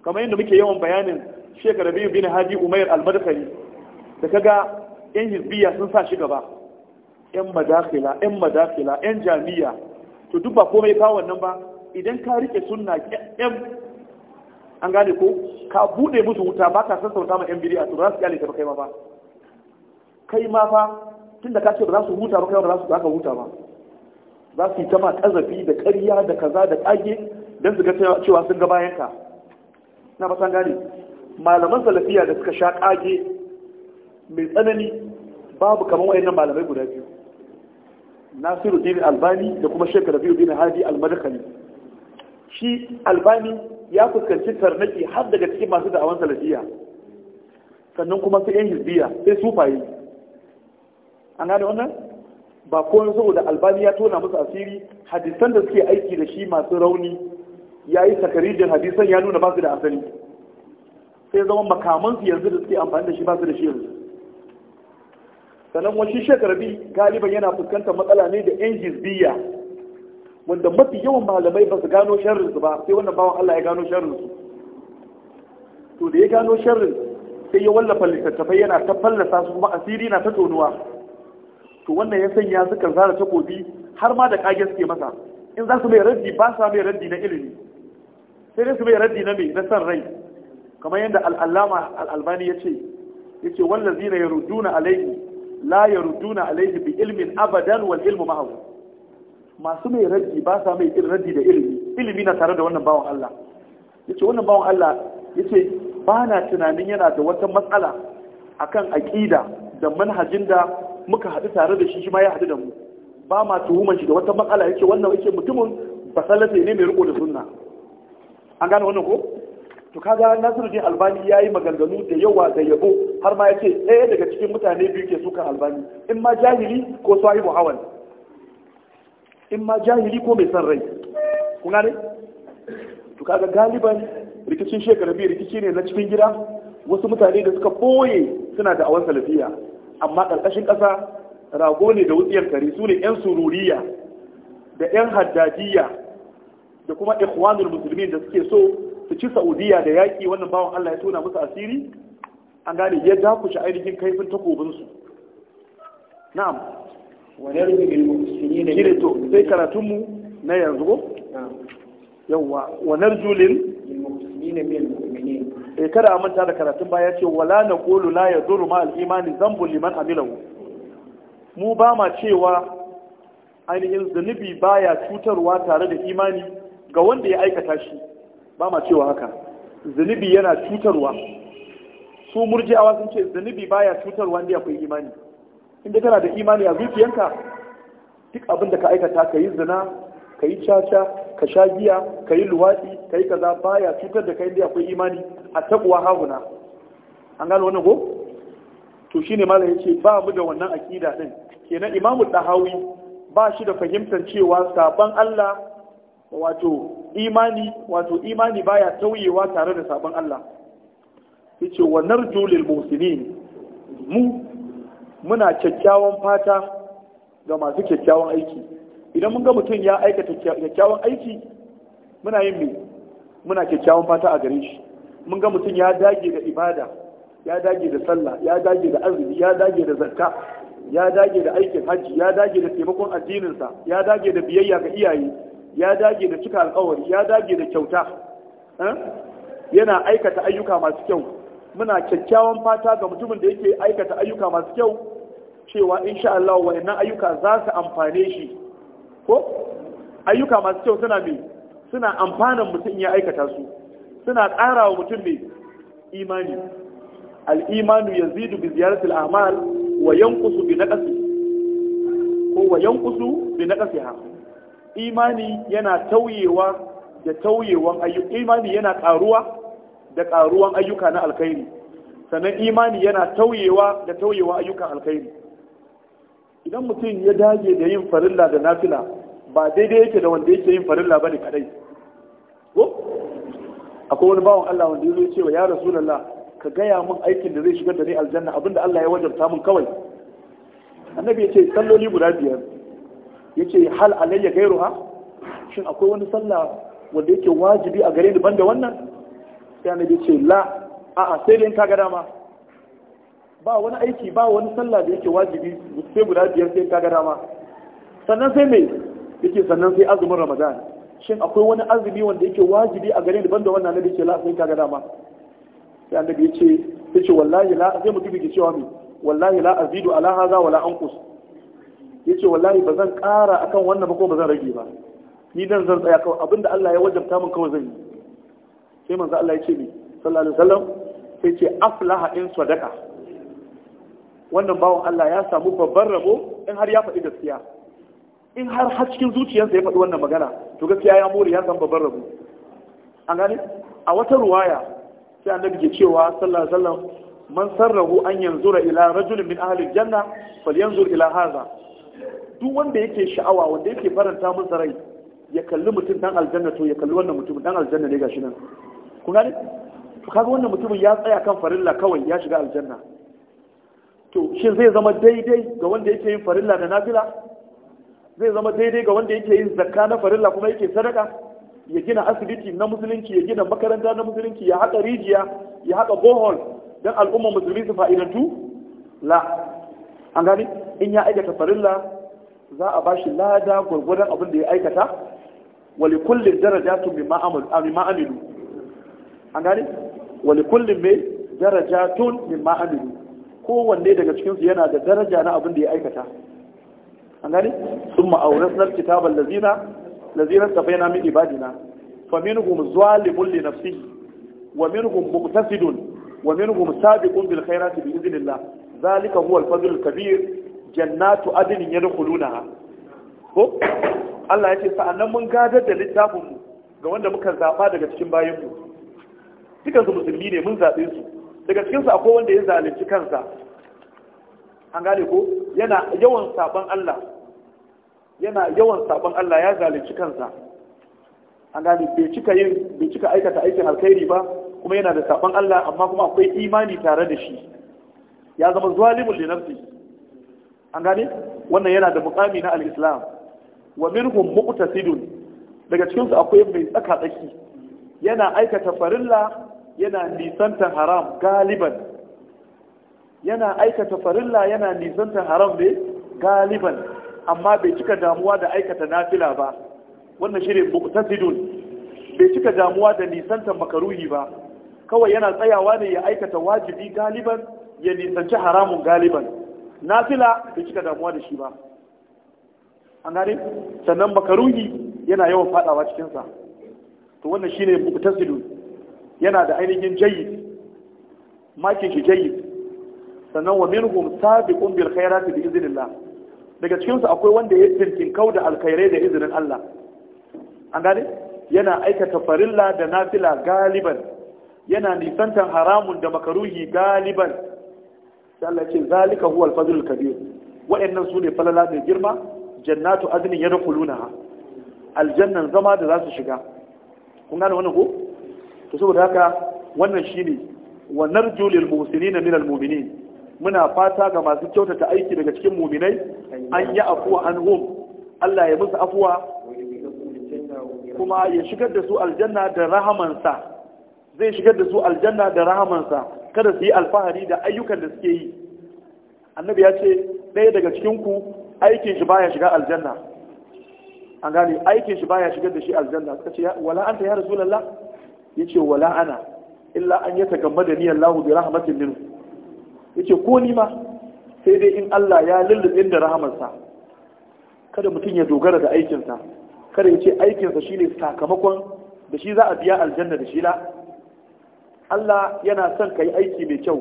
kamar yadda muke yawan bayanin shekara biyu bin haji umair almadkari da kaga yan hizbiya sun sa shi gaba yan madakila yan madakila yan jami'a to duk ba komai fa wannan ba idan ka rike sunna yan an gane ko ka bude musu wuta ba ka wuta ma yan bid'a a ba su kyale ka kai ma ba kai ma fa tunda ka ce ba za su huta ba kai ba za ka huta ba za su yi ta ma kazafi da karya da kaza da ƙage don su ga cewa sun ga bayan ka na ba san gane malaman salafiya da suka sha ƙage mai tsanani babu kamar wayannan malamai guda biyu nasiru dini albani da kuma shekara biyu dini hadi almadakali shi albani ya fuskanci tarnaki har daga cikin masu da'awan salafiya sannan kuma su yan hizbiya sai sufaye an gane wannan ba komai saboda albani ya tona musu asiri hadisan da suke aiki da shi masu rauni ya yi sakarijin hadisan ya nuna ba da asali sai zama makamansu yanzu da suke amfani da shi ba da shi yanzu sannan wasu shekarabi galiban yana fuskantar matsala ne da yan hizbiya wanda mafi yawan malamai ba su gano sharrin su ba sai wannan bawan Allah ya gano sharrin su to da ya gano sharrin sai ya wallafa littattafai yana ta fallasa su kuma asiri na ta tonuwa to wannan ya sanya sukan zara takobi har ma da kage suke masa in za su mai raddi ba sa mai raddi na ilimi sai dai su mai raddi na mai na san rai kamar yadda al'allama al'albani ya ce ya ce wallazina ya alaihi la ya alaihi bi ilmin abadan wal ilmu ma'ahu masu mai raddi ba sa mai irin raddi da ilimi ilimi na tare da wannan bawan Allah yace wannan bawan Allah yace ba na tunanin yana da wata matsala akan aƙida da manhajin da muka haɗu tare da shi shi ma ya haɗu da mu ba ma tuhuman shi da wata matsala yace wannan yace mutumin basalata ne mai riko da sunna an gane wannan ko to kaga Nasiruddin Albani yayi maganganu da yawa da yabo har ma ya ce ɗaya daga cikin mutane biyu ke sukan Albani in ma jahili ko sahibu hawan in ma jahili ko mai san rai kuna ne to kaga galiban rikicin shekara biyu rikici ne na cikin gida wasu mutane da suka boye suna da awan salafiya amma ƙarƙashin ƙasa rago ne da wutsiyar kare su ne 'yan sururiya da 'yan haddadiya da kuma ikhwanul musulmin da suke so su ci saudiya da yaƙi wannan bawan allah ya tona musu asiri an gane ya dakushe ainihin kaifin takobinsu na'am ونرمي بالمحسنين شيء تو زي كراتمو نا يرزقو يوا ونرجو للمحسنين من المؤمنين kada a manta da karatun baya ce wala na qulu la yadurru ma al-imani dhanbun liman amilahu mu ba ma cewa ainihin zunubi baya cutarwa tare da imani ga wanda ya aikata shi ba ma cewa haka zunubi yana cutarwa su murji'awa sun ce zunubi baya cutarwa wanda akwai imani inda kana da imani a zuciyanka duk abin da ka aikata ka yi zina ka yi caca ka sha giya ka yi luwaɗi ka yi kaza baya cutar da ka inda akwai imani a taɓuwa haguna an gano wani ko to shi shine ya ce ba mu da wannan akida ɗin kenan imamu dahawi ba shi da fahimtar cewa sabon Allah wato imani wato imani baya tauyewa tare da sabon Allah yace ce wannan lil musulmi mu muna kyakkyawan fata ga masu kyakkyawan aiki idan mun ga mutum ya aikata kyakkyawan aiki muna yin me muna kyakkyawan fata a gare shi mun ga mutum ya dage da ibada ya dage da sallah ya dage da azumi ya dage da zakka ya dage da aikin hajji ya dage da taimakon addininsa ya dage da biyayya ga iyaye ya dage da cika alkawari ya dage da kyauta eh? yana aikata ayyuka masu kyau muna kyakkyawan fata ga mutumin da yake aikata ayyuka masu kyau cewa insha Allah wayannan ayyuka za su amfane shi ko ayyuka masu kyau suna mai suna amfanan mutum ya aikata su suna ƙara wa mutum mai imani al'imanu ya zidu bi ziyaratul amal wa yankusu bi naqasi ko wa bi imani yana tauyewa da tauyewan ayyuka imani yana ƙaruwa da ƙaruwan ayyuka na alkhairi sannan imani yana tauyewa da tauyewa ayyukan alkhairi idan mutum ya dage da yin farilla da nafila ba daidai yake da wanda yake yin farilla ba ne kadai ko akwai wani bawan Allah wanda yake cewa ya rasulullah ka gaya mun aikin da zai shigar da ni aljanna abinda Allah ya wajabta mun kawai annabi ya ce salloli guda biyar ya ce hal alayya gairuha shin akwai wani sallah wanda yake wajibi a gare ni banda wannan sai annabi ya ce la a'a sai dai ka ga dama ba wani aiki ba wani sallah da yake wajibi sai guda biyar sai ka ga dama sannan sai me yake sannan sai azumin ramadan shin akwai wani azumi wanda yake wajibi a gare ni banda wannan annabi ce la sai ka ga dama sai annabi ya ce yace wallahi la sai mutum yake cewa me wallahi la azidu ala hadha wala anqus yace wallahi ba zan ƙara akan wannan ba ko ba zan rage ba ni dan zan tsaya kawai abinda Allah ya wajabta min kawai zan yi sai manzo Allah ya ce ni sallallahu alaihi wasallam sai ce aflaha in sadaqa wannan bawan Allah ya samu babban rabo in har ya faɗi gaskiya in har har cikin zuciyarsa ya faɗi wannan magana to gaskiya ya mori ya samu babban rabo an gane a wata ruwaya sai annabi ke cewa sallallahu alaihi wasallam man sarrahu an yanzura ila rajulin min ahli janna falyanzur ila hadha duk wanda yake sha'awa wanda yake faranta masa rai ya kalli mutum dan aljanna to ya kalli wannan mutum dan aljanna ne gashi nan kun gane to kaga wannan mutumin ya tsaya kan farilla kawai ya shiga aljanna to shin zai zama daidai ga wanda yake yin farilla da nafila zai zama daidai ga wanda yake yin zakka na farilla kuma yake sadaka ya gina asibiti na musulunci ya gina makaranta na musulunci ya haƙa rijiya ya haƙa bohol don al'ummar musulmi su fa'idantu la an gani in ya aikata farilla za a bashi lada gwargwadon abin da ya aikata wali kullum darajatu mimma ma'amilu an gani wali kullum mai darajatun mimma ma'amilu kowanne daga cikinsu yana da daraja na abin da ya aikata an gani sun ma'aurin sanar kitabar lazina lazinar tafai na min ibadina fa minhum zalimun li nafsihi wa minhum muqtasidun wa minhum sabiqun bil khairati bi idhnillah zalika huwa al fadl al kabir jannatu adnin yadkhulunaha ko Allah ya ce sa'annan mun gadar da littafin mu ga wanda muka zaba daga cikin bayan mu musulmi ne mun zabe su daga cikinsu akwai wanda ya zalunci kansa an gane ko yana yawan saban Allah yana yawan saban Allah ya zalunci kansa an gane bai cika yin bai cika aikata aikin alkhairi ba kuma yana da saban Allah amma kuma akwai imani tare da shi ya zama zalimul li nafsi an gane wannan yana da muqami na al-islam wa minhum muqtasidun daga cikinsu akwai mai tsaka tsaki yana aikata farilla yana nisanta haram galiban yana aikata farilla yana nisanta haram ne galiban amma bai cika damuwa da aikata nafila ba wannan shi ne muktasidun bai cika damuwa da nisanta makaruhi ba kawai yana tsayawa ne ya aikata wajibi galiban ya nisanci haramun galiban nafila bai cika damuwa da shi ba an gane sannan makaruhi yana yawan fadawa cikinsa to wannan shi shine muktasidun yana da ainihin jayyid makin shi jayyid sannan wa minhum sabiqun bil khairati bi iznillah daga cikin su akwai wanda ya tinkin da alkhairai da izinin Allah an gane yana aikata farilla da nafila galiban yana nisantan haramun da makaruhi galiban sai Allah ce zalika huwal fadlul kabir wa'annan sune falala mai girma jannatu adnin yadkhulunaha aljannan zama da za su shiga kun gane wannan ko to saboda haka wannan shine wa narju lil muhsinina min al mu'minin muna fata ga masu kyautata aiki daga cikin mu'minai an yi afuwa an hum Allah ya musu afuwa kuma ya shigar da su aljanna da rahamansa zai shigar da su aljanna da rahamansa kada su yi alfahari da ayyukan da suke yi annabi ya ce ɗaya daga cikin ku aikin shi baya shiga aljanna an gane aikin shi baya shigar da shi aljanna suka ce wala anta ya rasulullah yace wala ana illa an da niyan Allahu bi rahmatin minhu yace ko ni ma sai dai in Allah ya lullube da rahamarsa kada mutum ya dogara da aikinsa kada ya ce aikinsa shine sakamakon da shi za a biya aljanna da shi la Allah yana son ka aiki mai kyau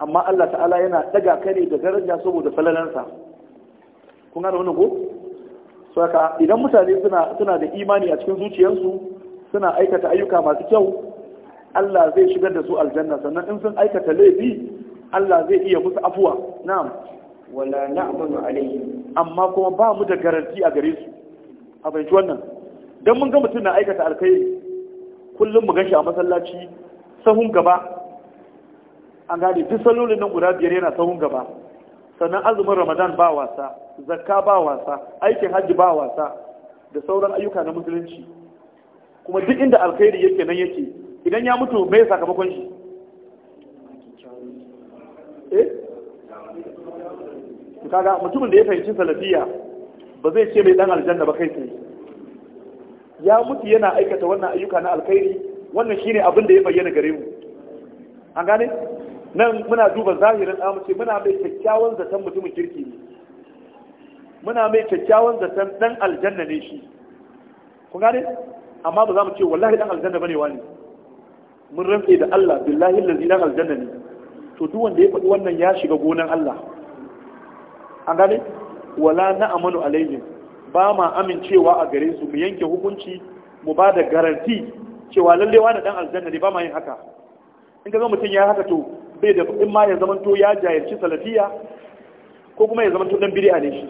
amma Allah ta'ala yana daga ka ne da daraja saboda falalansa kun ga wani ko saka idan mutane suna da imani a cikin zuciyarsu suna aikata ayyuka masu kyau Allah zai shigar da su aljanna sannan in sun aikata laifi Allah zai iya musu afuwa na'am wala na'manu alayhi amma kuma ba mu da garanti a gare su a fahimci wannan dan mun ga mutum na aikata alkai kullum mu gashi a masallaci sahun gaba an gane duk salolin nan guda biyar yana sahun gaba sannan azumin ramadan ba wasa zakka ba wasa aikin hajji ba wasa da sauran ayyuka na musulunci kuma duk inda alkhairi yake nan yake idan ya mutu mai sakamakon shi eh kaga mutumin da ya fahimci salafiya ba zai ce mai dan aljanna ba kai tsaye ya mutu yana aikata wannan ayyuka na alkhairi wannan shine abin da ya bayyana gare mu an gane nan muna duba zahirin amince muna mai kyakkyawan zaton mutumin kirki ne muna mai kyakkyawan zaton dan aljanna ne shi kun gane amma ba za mu ce wallahi dan aljanna bane wani mun rantse da Allah billahi allazi dan aljanna ne to duk wanda ya faɗi wannan ya shiga gonan Allah an gane wala na amanu alaihim ba ma amincewa a gare su mu yanke hukunci mu ba da garanti cewa lalle wani dan aljanna ne ba ma yin haka in ka ga mutum ya haka to bai da in ma ya zamanto ya jayarci salafiya ko kuma ya zamanto dan bid'a ne shi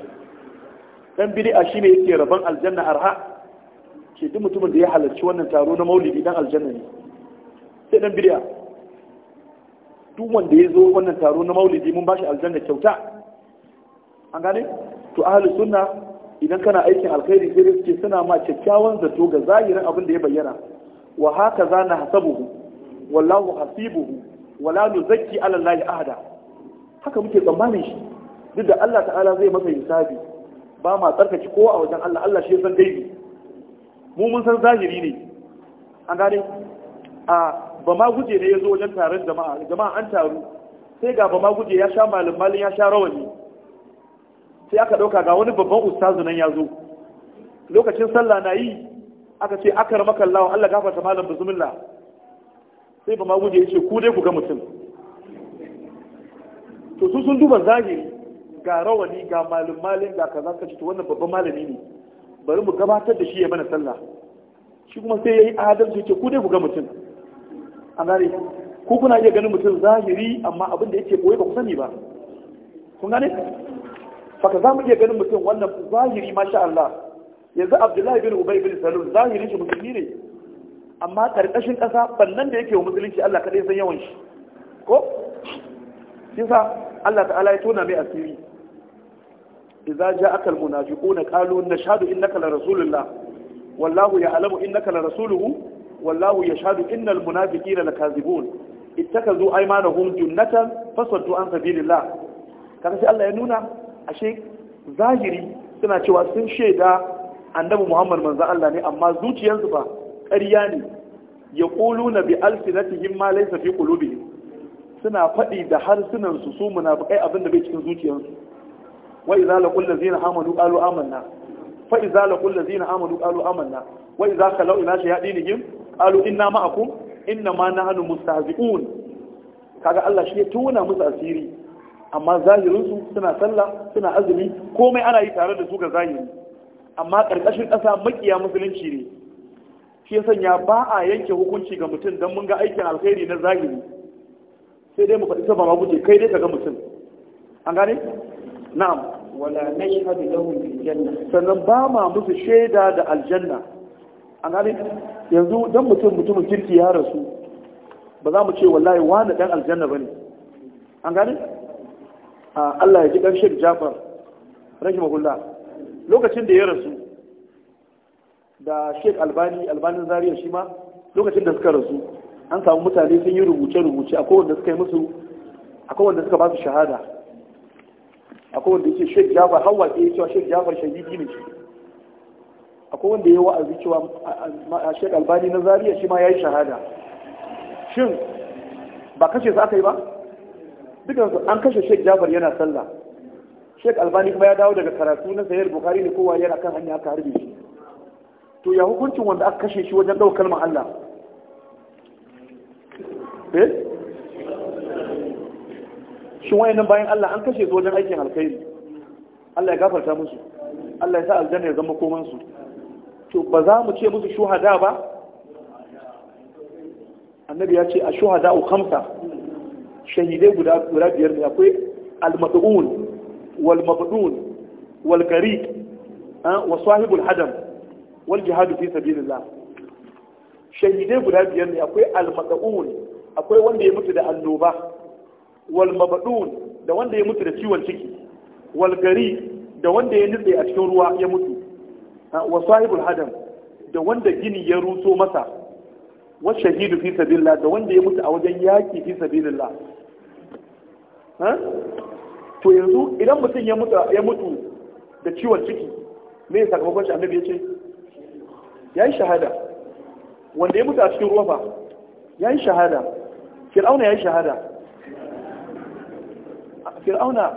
dan bid'a shine yake rabon aljanna arha ce duk mutumin da ya halarci wannan taro na maulidi dan aljanna ne sai dan bidiya duk wanda ya zo wannan taro na maulidi mun bashi aljanna kyauta an gane to ahli sunna idan kana aikin alkhairi sai dai suna ma kyakkyawan zato ga zahirin abin da ya bayyana wa haka za na hasabuhu wallahu hasibuhu wala nuzakki ala allahi ahada haka muke tsammanin shi duk da Allah ta'ala zai masa hisabi ba ma tsarkake kowa a wajen Allah Allah shi ya san gaibi mu mun san zahiri ne an gane a ba ma guje ne ya zo wajen taron jama'a jama'a an taru sai ga ba ma guje ya sha malin malin ya sha rawani sai aka ɗauka ga wani babban ustazu nan ya zo lokacin sallah na yi aka ce aka rama kallawa Allah gafarta malam bismillah sai ba ma guje ya ce ku dai ku ga mutum to su sun duba zahiri ga rawani ga malin malin ga kaza ce, to wannan babban malami ne bari mu gabatar da shi ya mana sallah shi kuma sai ya yi adalci ce ku dai ku ga mutum a gane ku kuna iya ganin mutum zahiri amma abin da yake koyi ba ku sani ba kun gane faka za mu iya ganin mutum wannan zahiri masha Allah yanzu Abdullahi bin Ubay bin Salul zahirin shi musulmi ne amma karkashin ƙasa bannan da yake wa musulunci Allah kadai san yawan shi ko shi sa Allah ta'ala ya tona mai asiri idza ja'aka almunafiquna na nashhadu innaka la rasulullah wallahu ya'lamu innaka la rasuluhu wallahu yashhadu innal munafiqina lakazibun ittakazu aymanahum junnatan fasaddu an sabilillah kaga sai Allah ya nuna ashe zahiri suna cewa sun shaida annabi Muhammad manzo Allah ne amma zuciyarsu ba karya ne yaquluna bi alsinatihim ma laysa fi qulubihim suna faɗi da harsunansu su munafikai abin da bai cikin zuciyarsu wa idza laqul ladzina amanu qalu amanna fa idza laqul ladzina amanu qalu amanna wa idza khalu ila shayadinihim qalu inna ma'akum inna ma nahnu kaga Allah shi ya tona musu asiri amma zahirinsu suna sallah suna azumi komai ana yi tare da su ga zahiri amma ƙarƙashin ƙasa makiya musulunci ne shi ya sanya ba a yanke hukunci ga mutum don mun ga aikin alkhairi na zahiri sai dai mu faɗi ta ba ma guje kai dai ka ga mutum an gane na'am wala nashhadu lahum bil janna sannan ba ma musu shaida da aljanna an gane yanzu dan mutum mutumin kirki ya rasu ba za mu ce wallahi wani dan aljanna bane an gane Allah ya ji dan Sheikh Jafar rahimahullah lokacin da ya rasu da Sheikh Albani Albanin Zariya, shi ma lokacin da suka rasu an samu mutane sun yi rubuce-rubuce akwai wanda suka yi musu akwai wanda suka ba su shahada akwai wanda yake shek jafar hawa ke cewa shek jafar shahidi ne shi akwai wanda ya wa'azi cewa shek albani na zariya shi ma ya yi shahada shin ba kashe su aka yi ba dukansu an kashe shek jafar yana sallah shek albani kuma ya dawo daga karatu na sayar bukari ne kowa yana kan hanya aka harbe shi to ya hukuncin wanda aka kashe shi wajen ɗaukar kalmar allah eh shin wayannan bayan Allah an kashe su wajen aikin alkhairi Allah ya gafarta musu Allah ya sa aljanna ya zama koman su to ba za mu ce musu shuhada ba annabi ya ce a shuhada u khamsa shahidai guda guda biyar ne akwai al-mad'un wal mabdun wal gariq wa sahibul hadam wal jihad fi sabilillah shahidai guda biyar ne akwai al-mad'un akwai wanda ya mutu da annoba wal da wanda ya mutu da ciwon ciki wal gari da wanda ya nutse a cikin ruwa ya mutu wa sahibul hadam da wanda gini ya ruso masa wa shahidu fi sabilillah da wanda ya mutu a wajen yaki fi sabilillah to yanzu idan mutum ya mutu ya mutu da ciwon ciki me sakamakon shi annabi ya ce yayi shahada wanda ya mutu a cikin ruwa fa yayi shahada fir'auna yayi shahada fir'auna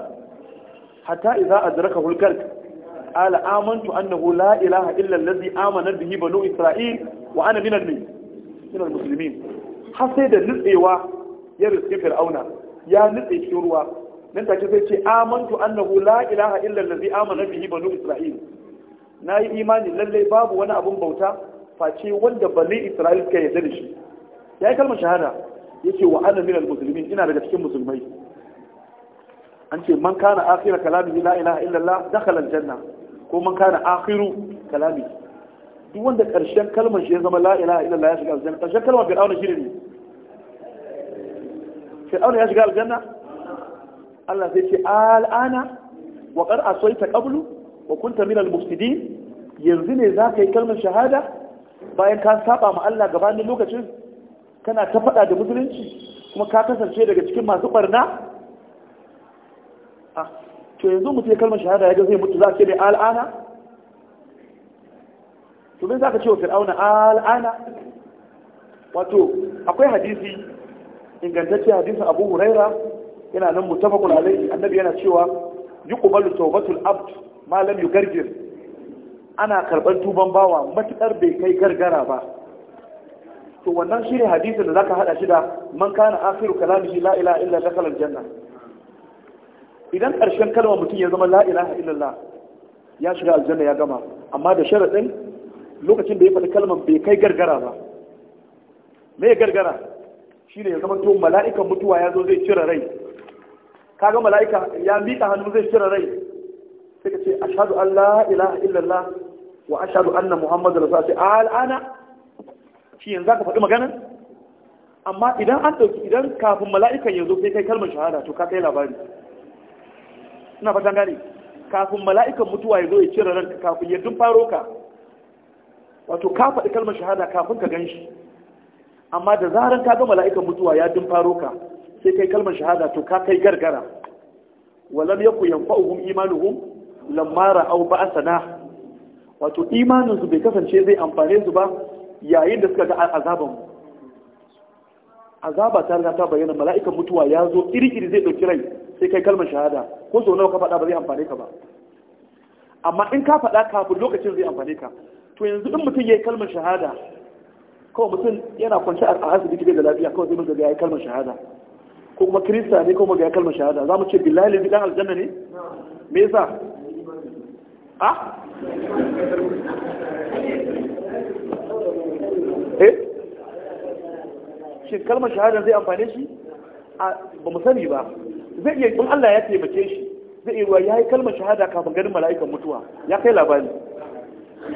hatta idza adraka hulkark ala amantu annahu la ilaha illa allazi amana bihi banu isra'il wa ana min al-muslimin har sai da nutsewa ya riske fir'auna ya nutse cikin ruwa nan take sai ce amantu annahu la ilaha illa allazi amana bihi banu isra'il na yi imani lalle babu wani abun bauta face wanda bani isra'il suka yarda da shi ya yi kalmar shahada yace wa ana min al-muslimin ina daga cikin musulmai an ce man kana akhira kalamihi la ilaha illallah dakhala aljanna ko man kana akhiru kalami duk wanda karshen kalmar shi ya zama la ilaha illallah ya shiga aljanna karshen kalmar fir'auna shi ne fir'auna ya shiga aljanna Allah zai ce al'ana wa qad asayta qablu wa kunta minal mufsidin yanzu ne za ka yi kalmar shahada bayan ka saba ma Allah gabanin lokacin kana ta faɗa da musulunci kuma ka kasance daga cikin masu barna Ah, to yanzu mutum ya kalmar shahada ya zai mutu za a ce mai al'ana to zai za ka ce wa fir'auna al'ana wato akwai hadisi ingantacce hadisin abu huraira yana nan mutafakun alaihi annabi yana cewa kubalu taubatul abd malam lam yugargir ana karban tuban bawa matukar bai kai gargara ba to wannan shi ne hadisin da zaka haɗa shi da man kana akhiru kalamishi la'ila ilaha illa dakhala janna. idan ƙarshen kalmar mutum ya zama la ilaha illallah ya shiga aljanna ya gama amma da sharaɗin lokacin da ya faɗi kalmar bai kai gargara ba me ya gargara ne ya zama to mala'ikan mutuwa ya zo zai cire rai kaga mala'ika ya miƙa hannu zai cire rai sai ka ce ashhadu an la ilaha illallah wa an na muhammadu a al'ana shi yanzu ka faɗi magana amma idan an ɗauki idan kafin mala'ikan ya zo sai kai kalmar shahada to ka kai labari Suna fatan gane kafin mala'ikan mutuwa ya zo ya cire ranka kafin ya dun faro ka wato ka faɗi kalmar shahada kafin ka gan shi amma da zarar ka ga mala'ikan mutuwa ya dun faro ka sai kai kalmar shahada to ka kai gargara walam yaku yanfa'uhum imanuhum lamma ra'aw ba'sana wato imaninsu bai kasance zai amfane su ba yayin da suka ga azaban mu azaba ta riga ta bayyana mala'ikan mutuwa ya zo iri-iri zai dauki rai sai kai kalmar shahada ko sau nawa ka faɗa ba zai amfane ka ba amma in ka faɗa kafin lokacin zai amfane ka to yanzu in mutum ya yi kalmar shahada kawai mutum yana kwanci a asibiti bai da lafiya kawai zai muka ga ya yi kalmar shahada ko kuma kirista ne ko ga ya kalmar shahada za mu ce billahi ne dan aljanna ne me yasa a ah? <laughs> eh shin kalmar shahada zai amfane shi ba mu sani ba zai iya in Allah ya taimake shi zai iya ya yi kalmar shahada kafin ganin mala'ikan mutuwa ya kai labari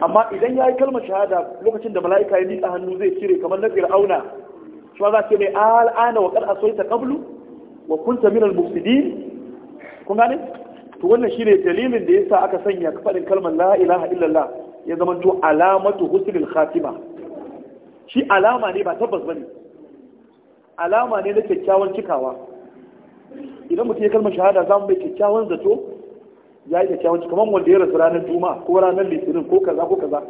amma idan ya yi kalmar shahada lokacin da mala'ika ya miƙa hannu zai cire kamar na fir'auna shi za ce mai al'ana wa qad asaita qablu wa kunta minal mufsidin kun gane to wannan shine dalilin da yasa aka sanya faɗin kalmar la ilaha illallah ya zamanto alamatu husnul khatima shi alama ne ba tabbas bane alama ne na kyakkyawan cikawa idan mutum ya kalmar shahada za mu mai kyakkyawan zato ya yi kyakkyawan cikawa kamar wanda ya rasu ranar juma'a ko ranar litinin ko kaza ko kaza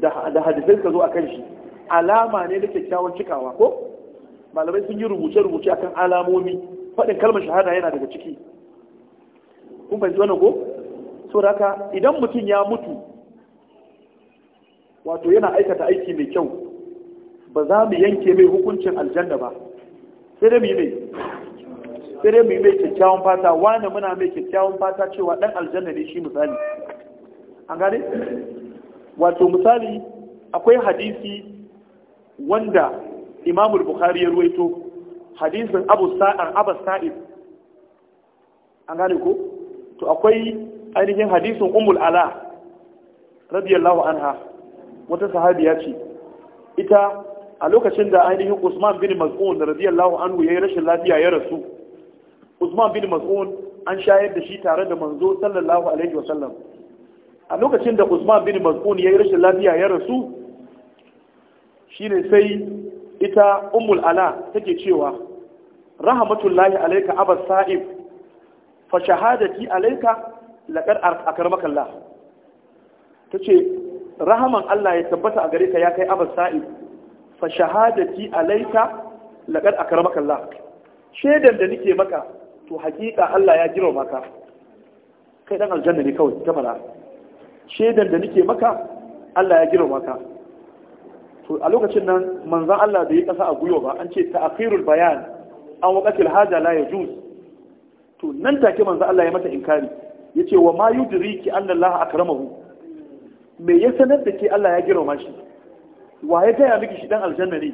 da hadisai ka zo a kan shi alama ne na kyakkyawan cikawa ko malamai sun yi rubuce-rubuce akan alamomi faɗin kalmar shahada yana daga ciki kun fahimci wannan ko so da haka idan mutum ya mutu wato yana aikata aiki mai kyau ba za mu yanke mai hukuncin aljanna ba sai dai mu yi mai sai dai mai kyakkyawan fata wani muna mai kyakkyawan fata cewa dan aljanna ne shi misali an gane wato misali akwai hadisi wanda imamul bukhari ya ruwaito hadisin abu sa'ar abu sa'id an gane ko to akwai ainihin hadisin umul ala radiyallahu anha wata sahabiya ce ita a lokacin da ainihin Usman bin Mas'ud radiyallahu anhu yayi rashin lafiya ya rasu Usman bin Mas'ud an shayar da shi tare da manzo sallallahu alaihi wa a lokacin da Usman bin Mas'ud yi rashin lafiya ya rasu shine sai ita Ummul Ala take cewa rahmatullahi alayka abas sa'ib fa shahadati alayka laqad akramaka Allah tace rahaman Allah ya tabbata a gare ka ya kai abas sa'ib fa shahadati alaika laqad akramaka Allah shedan da nike maka to hakika Allah ya jiro maka kai dan aljanna ne kawai ta fara shedan da nike maka Allah ya jiro maka to a lokacin nan manzon Allah bai kasa a guyo ba an ce ta'khirul bayan an waqatil haja la yajuz to nan take manzon Allah ya mata inkari yace wa ma yudriki anna Allah akramahu me ya sanar da ke Allah ya girma shi wa ya taya miki shi dan aljanna ne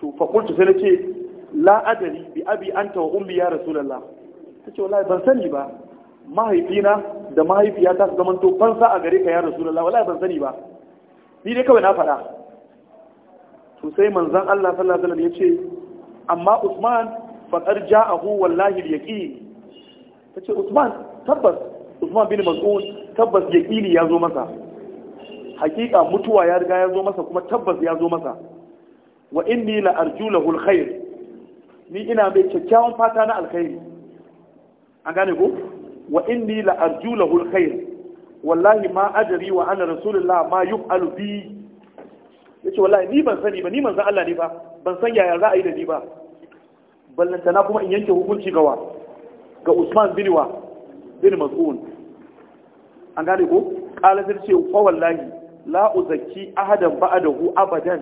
to fa qultu sai nace la adari bi abi anta wa ummi ya rasulullah tace wallahi ban sani ba mahaifina da mahaifiyata su ban fansa a gare ka ya rasulullah wallahi ban sani ba ni dai kawai na faɗa to sai manzon Allah sallallahu alaihi wasallam yace amma Usman faqad ja'ahu wallahi al-yaqin tace Usman tabbas Usman bin Maz'un tabbas yaqini ya zo masa hakika mutuwa ya riga ya zo masa kuma tabbas ya zo masa wa inni la arjulahu alkhair ni ina mai kyakkyawan fata na alkhairi an gane ko wa inni la arjulahu alkhair wallahi ma ajri wa ana rasulullah ma yuqalu bi yace wallahi ni ban sani ba ni manzon Allah ne ba ban san yaya za a yi da ni ba ballantana kuma in yanke hukunci gawa ga Usman bin wa bin Mas'ud an gane ko qala zai ce wa wallahi la uzakki ahadan ba'dahu abadan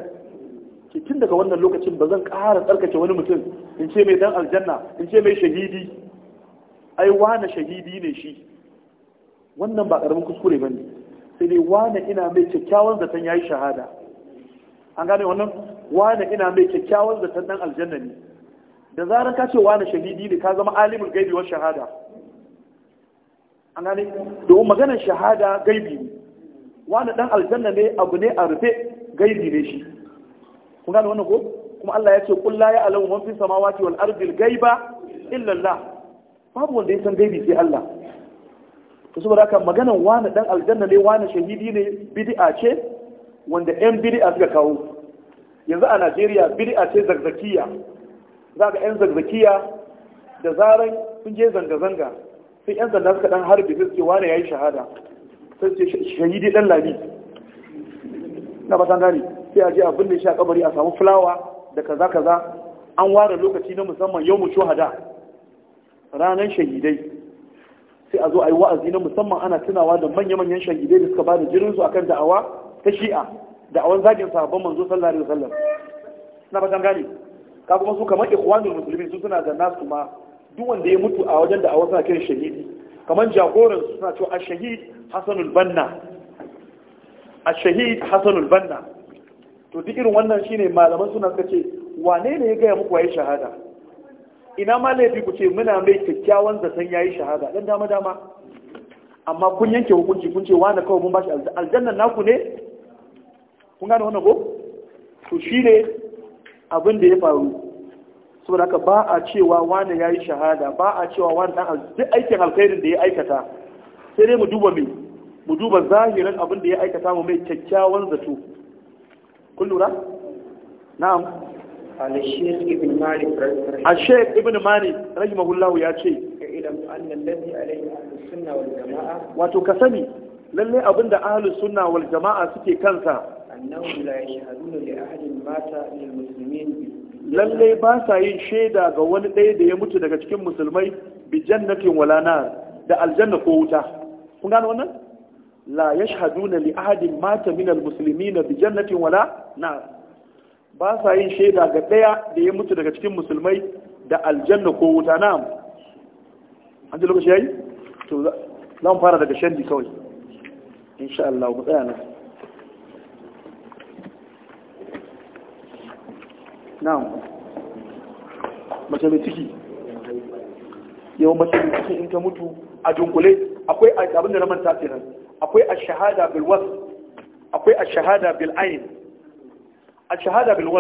ki tun daga wannan lokacin ba zan ƙara tsarkake wani mutum in ce mai dan aljanna in ce mai shahidi ai wane shahidi ne shi wannan ba karamin kuskure bane sai dai wane ina mai kyakkyawan zaton yayi shahada an gane wannan wane ina mai kyakkyawan zaton dan aljanna ne da zarar ka ce wane shahidi ne ka zama alimul gaibi wa shahada an gane domin maganar shahada gaibi ne wani dan aljanna ne abu ne a rufe gaibi ne shi kun gane wannan ko kuma Allah ya ce qul ya ya'lamu man fis samawati wal ardi al ghaiba illa babu wanda ya san gaibi sai Allah to saboda haka maganan wani dan aljanna ne wani shahidi ne bid'a ce wanda yan bid'a suka kawo yanzu a Najeriya bid'a ce zakzakiya za ga yan zakzakiya da zaran sun je zanga-zanga sai yan zanga suka dan harbi suke wani yayi shahada sai ce shahidi dan labi na batan gani sai a je a binne shi a kabari a samu fulawa da kaza kaza an ware lokaci na musamman yau mu shuhada ranar shahidai sai a zo a yi wa'azi na musamman ana tunawa da manya-manyan shahidai da suka ba da jirinsu akan da'awa ta shi'a da'awan zagin sahabban manzo sallallahu alaihi wasallam na batan gani ka kuma su kamar ikhwanul muslimin su suna da nasu ma duk wanda ya mutu a wajen da'awa suna kiran shahidi kamar jagoran su suna cewa ashahid hasanul banna ashahid hasanul banna to duk irin wannan shine malaman suna suka ce wane ne ya gaya muku yayi shahada ina ma laifi ku ce muna mai kyakkyawan zaton yayi shahada dan dama dama amma kun yanke hukunci kun ce wane kawai mun bashi aljanna naku ne kun gane wannan ko to shine abin da ya faru saboda haka ba a cewa wani ya yi shahada ba a cewa wani ɗan duk aikin alkhairin da ya aikata sai dai mu duba mai mu duba zahirin abin da ya aikata mu mai kyakkyawan zato kun lura na'am al-shaykh ibn malik al-shaykh ya ce ilam anna alladhi alayhi sunna wal jamaa wato ka sani lalle abin da ahlus sunna wal jamaa suke kansa annahu la yashhaduna li ahadin mata lil muslimin lallai ba sa yin shaida ga wani ɗaya da ya mutu daga cikin musulmai bi jannatin wala na da aljanna ko wuta kun gano wannan la yashhaduna li ahadin mata min almuslimina bi jannatin wala na ba sa yin shaida ga ɗaya da ya mutu daga cikin musulmai da aljanna ko wuta na. an ji lokaci yayi to zan fara daga shandi kawai insha Allah mu tsaya nan na'am mace mai ciki yau mace mai ciki in ta mutu a dunkule akwai abin da na manta kenan akwai a shahada bil akwai a shahada bil a shahada bil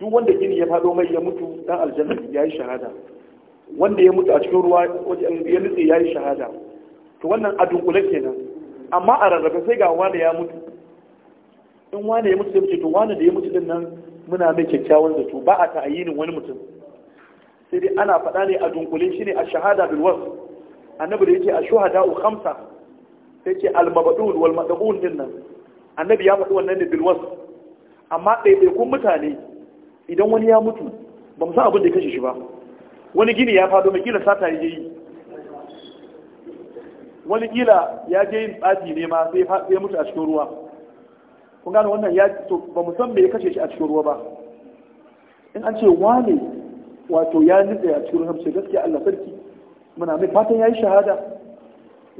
duk wanda gini ya fado mai ya mutu dan aljanna ya yi shahada wanda ya mutu a cikin ruwa ya nutse ya yi shahada to wannan a dunkule kenan amma a rarrabe sai ga wanda ya mutu in wani ya mutu sai mutu to wani da ya mutu din nan muna mai kyakkyawan zato ba a ta'ayyinin wani mutum sai dai ana faɗa ne a dunkule shi ne a shahada bil wasu annabi da yake a shuhada u khamsa sai ce al mabdul wal mad'un din nan annabi ya faɗi wannan ne bil wasu amma ɗaiɗaikun mutane idan wani ya mutu ba san abin da ya kashe shi ba wani gini ya faɗo mai kila sata ya yi wani kila ya je yin tsafi ne ma sai ya mutu a cikin ruwa kun gane wannan ya to ba mu san me ya kashe shi a cikin ruwa ba in an ce wane wato ya nitsa a cikin ruwa sai gaskiya Allah sarki muna mai fatan yayi shahada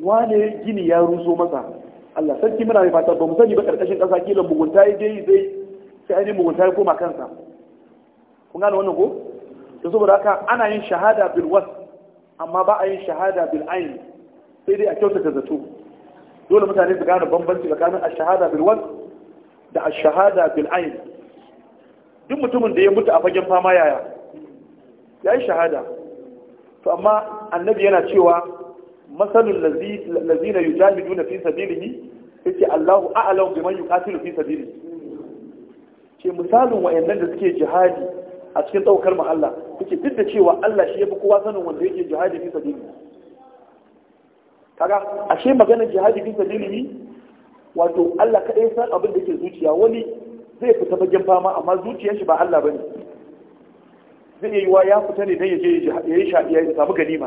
wane gini ya ruzo masa Allah sarki muna mai fatan ba mu sani ba karkashin kasa kila mugunta ya je zai sai ainihin mugunta ya koma kansa kun gane wannan ko to saboda haka ana yin shahada bil was amma ba a yin shahada bil ain sai dai a kyautata zato dole mutane su gane bambanci tsakanin a shahada bil was da a shahada bil'ain, duk mutumin da ya mutu a fagen fama yaya ya yi shahada to amma annabi yana cewa masalul lazina yujahiduna fi sabilihi yace Allahu a'lamu biman yuqatilu fi sabilihi ce misalin wayannan da suke jihadi a cikin daukar mu suke yace duk da cewa Allah shi fi kowa sanin wanda yake jihadi fi sabilihi kaga ashe maganar jihadi fi sabilihi wato Allah kaɗai san abin da ke zuciya wani zai fita bagen fama amma zuciyar shi ba Allah ba ne. zai yi wa ya fita ne don ya je ya yi shaɗiya ya samu ganima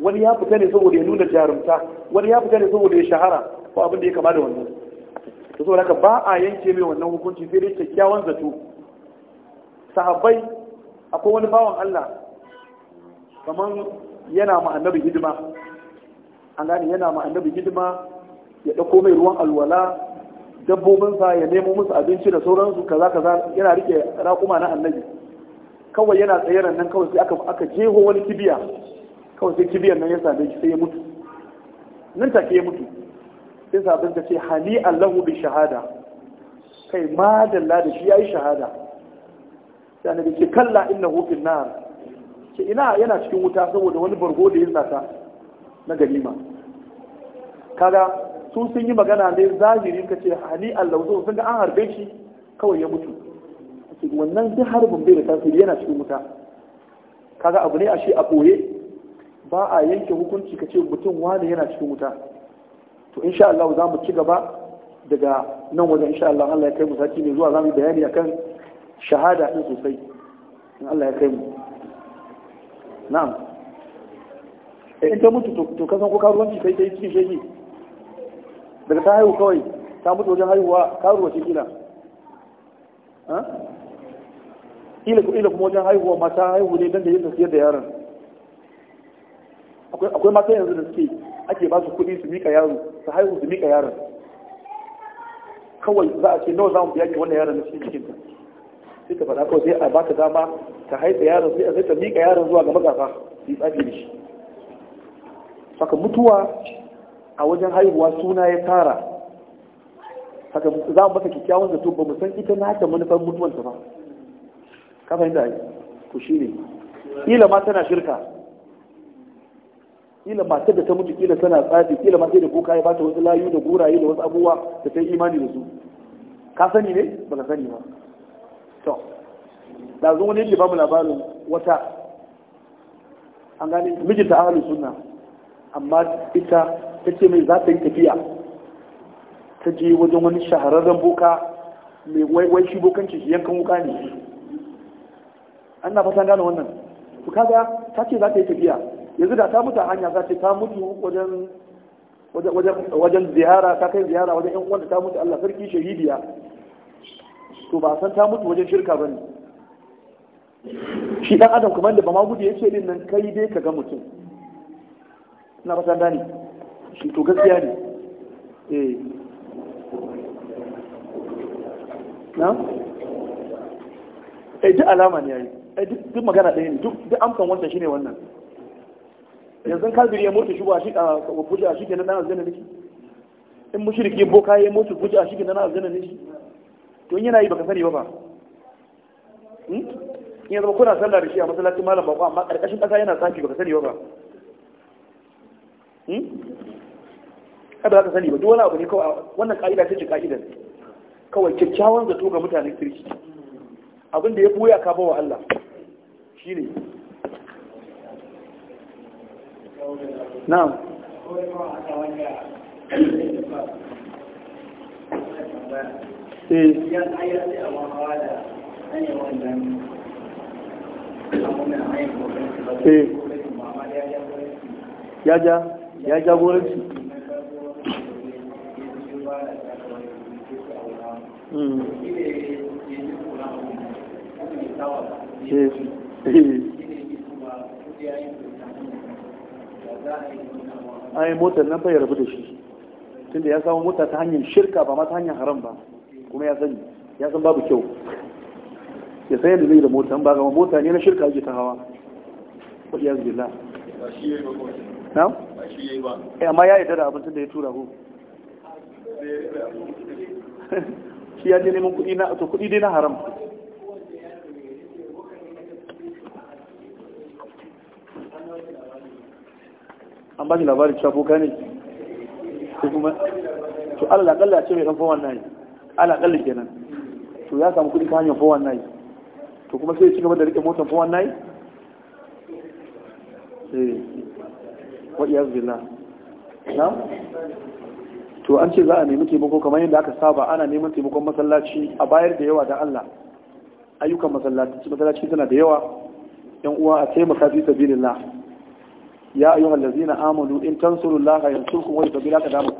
wani ya fita ne saboda ya nuna jarumta wani ya fita ne saboda ya shahara ko abin da ya kama da wannan to saboda haka ba a yanke mai wannan hukunci sai dai kyakkyawan zato sahabbai akwai wani bawan Allah kamar yana ma annabi hidima an gane yana ma annabi hidima ya ɗauko mai ruwan alwala dabbobinsa ya nemo musu abinci da sauransu kaza kaza yana rike raƙuma na annabi kawai yana tsaye nan kawai sai aka jeho wani kibiya kawai sai kibiyan nan ya same shi sai ya mutu nan take ya mutu sai sabin ta ce hali allahu bi shahada kai ma da shi yayi shahada sai annabi ce kalla innahu fil nar ke ina yana cikin wuta saboda wani bargo da yin nasa na ganima kaga su sun yi magana ne zahiri ka ce hali Allah, allauzo sun ga an harbe shi kawai ya mutu wannan duk harbin bai da tasiri yana cikin wuta kaga abu ne a shi a ɓoye ba a yanke hukunci ka ce mutum wani yana cikin wuta to insha Allah za mu ci gaba daga nan wajen insha Allah Allah ya kai mu sati ne zuwa za mu bayani akan shahada din sosai in Allah ya kai mu na'am eh, in ta mutu to kasan ko karuwanci kai kai yi cikin shehi daga ta haihu kawai ta mutu wajen haihuwa karuwa ce kila ila ila kuma wajen haihuwa ma ta haihu ne don da yin tafiyar da yaron akwai mata yanzu da suke ake ba su kuɗi su mika yaro su haihu su mika yaron kawai za a ce nawa za mu biya ki wannan yaron na cikin cikinta sai ta faɗa kawai sai a ba ta dama ta haifa yaron sai a sai ta mika yaron zuwa ga magafa su yi tsafi da shi saka mutuwa a wajen haihuwa suna ya tara haka za mu baka kyakkyawan zato ba mu san ita ta manufar mutuwanta ba ka fahimta ai shi ne kila ma tana shirka kila ta da ta mutu kila tana tsafi kila ma sai da kuka ya bata wasu layu da guraye da wasu abubuwa da ta imani da su ka sani ne ba ka sani ba to da zuwa wani yadda ba mu labarin wata an gane mijinta ahalin sunna amma ita ta ce mai za ta yi tafiya ta je wajen wani shahararren boka mai waiwai shi bokanci shi yankan wuka ne an na fata gane wannan to kaga ta ce za ta yi tafiya yanzu da ta mutu a hanya za ta ta mutu wajen wajen ziyara ta kai ziyara wajen yan uwan da ta mutu Allah sarki shahidiya to ba san ta mutu wajen shirka bane shi dan adam kuma da ba ma gudu yace din nan kai dai ka ga mutum na fata gani shi to gaskiya ne eh na eh duk alama ne yayi eh duk magana ɗaya ne duk duk amsan wannan shine wannan yanzu kalbiri ya mutu shuba shi a kuja shi kenan na azana ne in mushriki boka ya mutu a shi kenan na azana ne shi to in yana yi baka sani ba ba hmm? in ya zama kuna sallah da shi a masallacin malam bako amma karkashin kasa yana saki baka sani ba ba Hmm? kada za ka sani ba duk wani abu ne kawai wannan ka'ida ce ce ka'idar kawai kyakkyawan zato ga mutanen kirki abin da ya buya ka bawa Allah shi ne na'am eh. Eh. ya ja ya jagoranci yi hmm. eh. <laughs> motar nan bayar rabu da shi tun da ya samu mota ta hanyar shirka ba ma ta hanyar haram ba kuma ya sani ya san babu kyau ya san yadda zai da mota ba ga mota ne na shirka ake ta hawa wa ya billah na Eh, amma ya yarda da abincin da ya tura ku shi ya je neman kuɗi na to kuɗi dai na haram an ba shi labarin cewa boka ne ko kuma to Allah kalla ce mai dan fowan nayi Allah kalla kenan to ya samu kuɗi ta hanyar fowan nayi to kuma sai ya ci gaba da rike motar fowan nayi eh to an ce za a nemi taimako kamar yadda aka saba ana neman taimakon masallaci a bayar da yawa da Allah ayyukan masallaci masallaci tana da yawa yan uwa a taimaka fi sabilillah ya ayyuhallazina amanu in tansurullaha yansurkum wa yuthabbit aqdamakum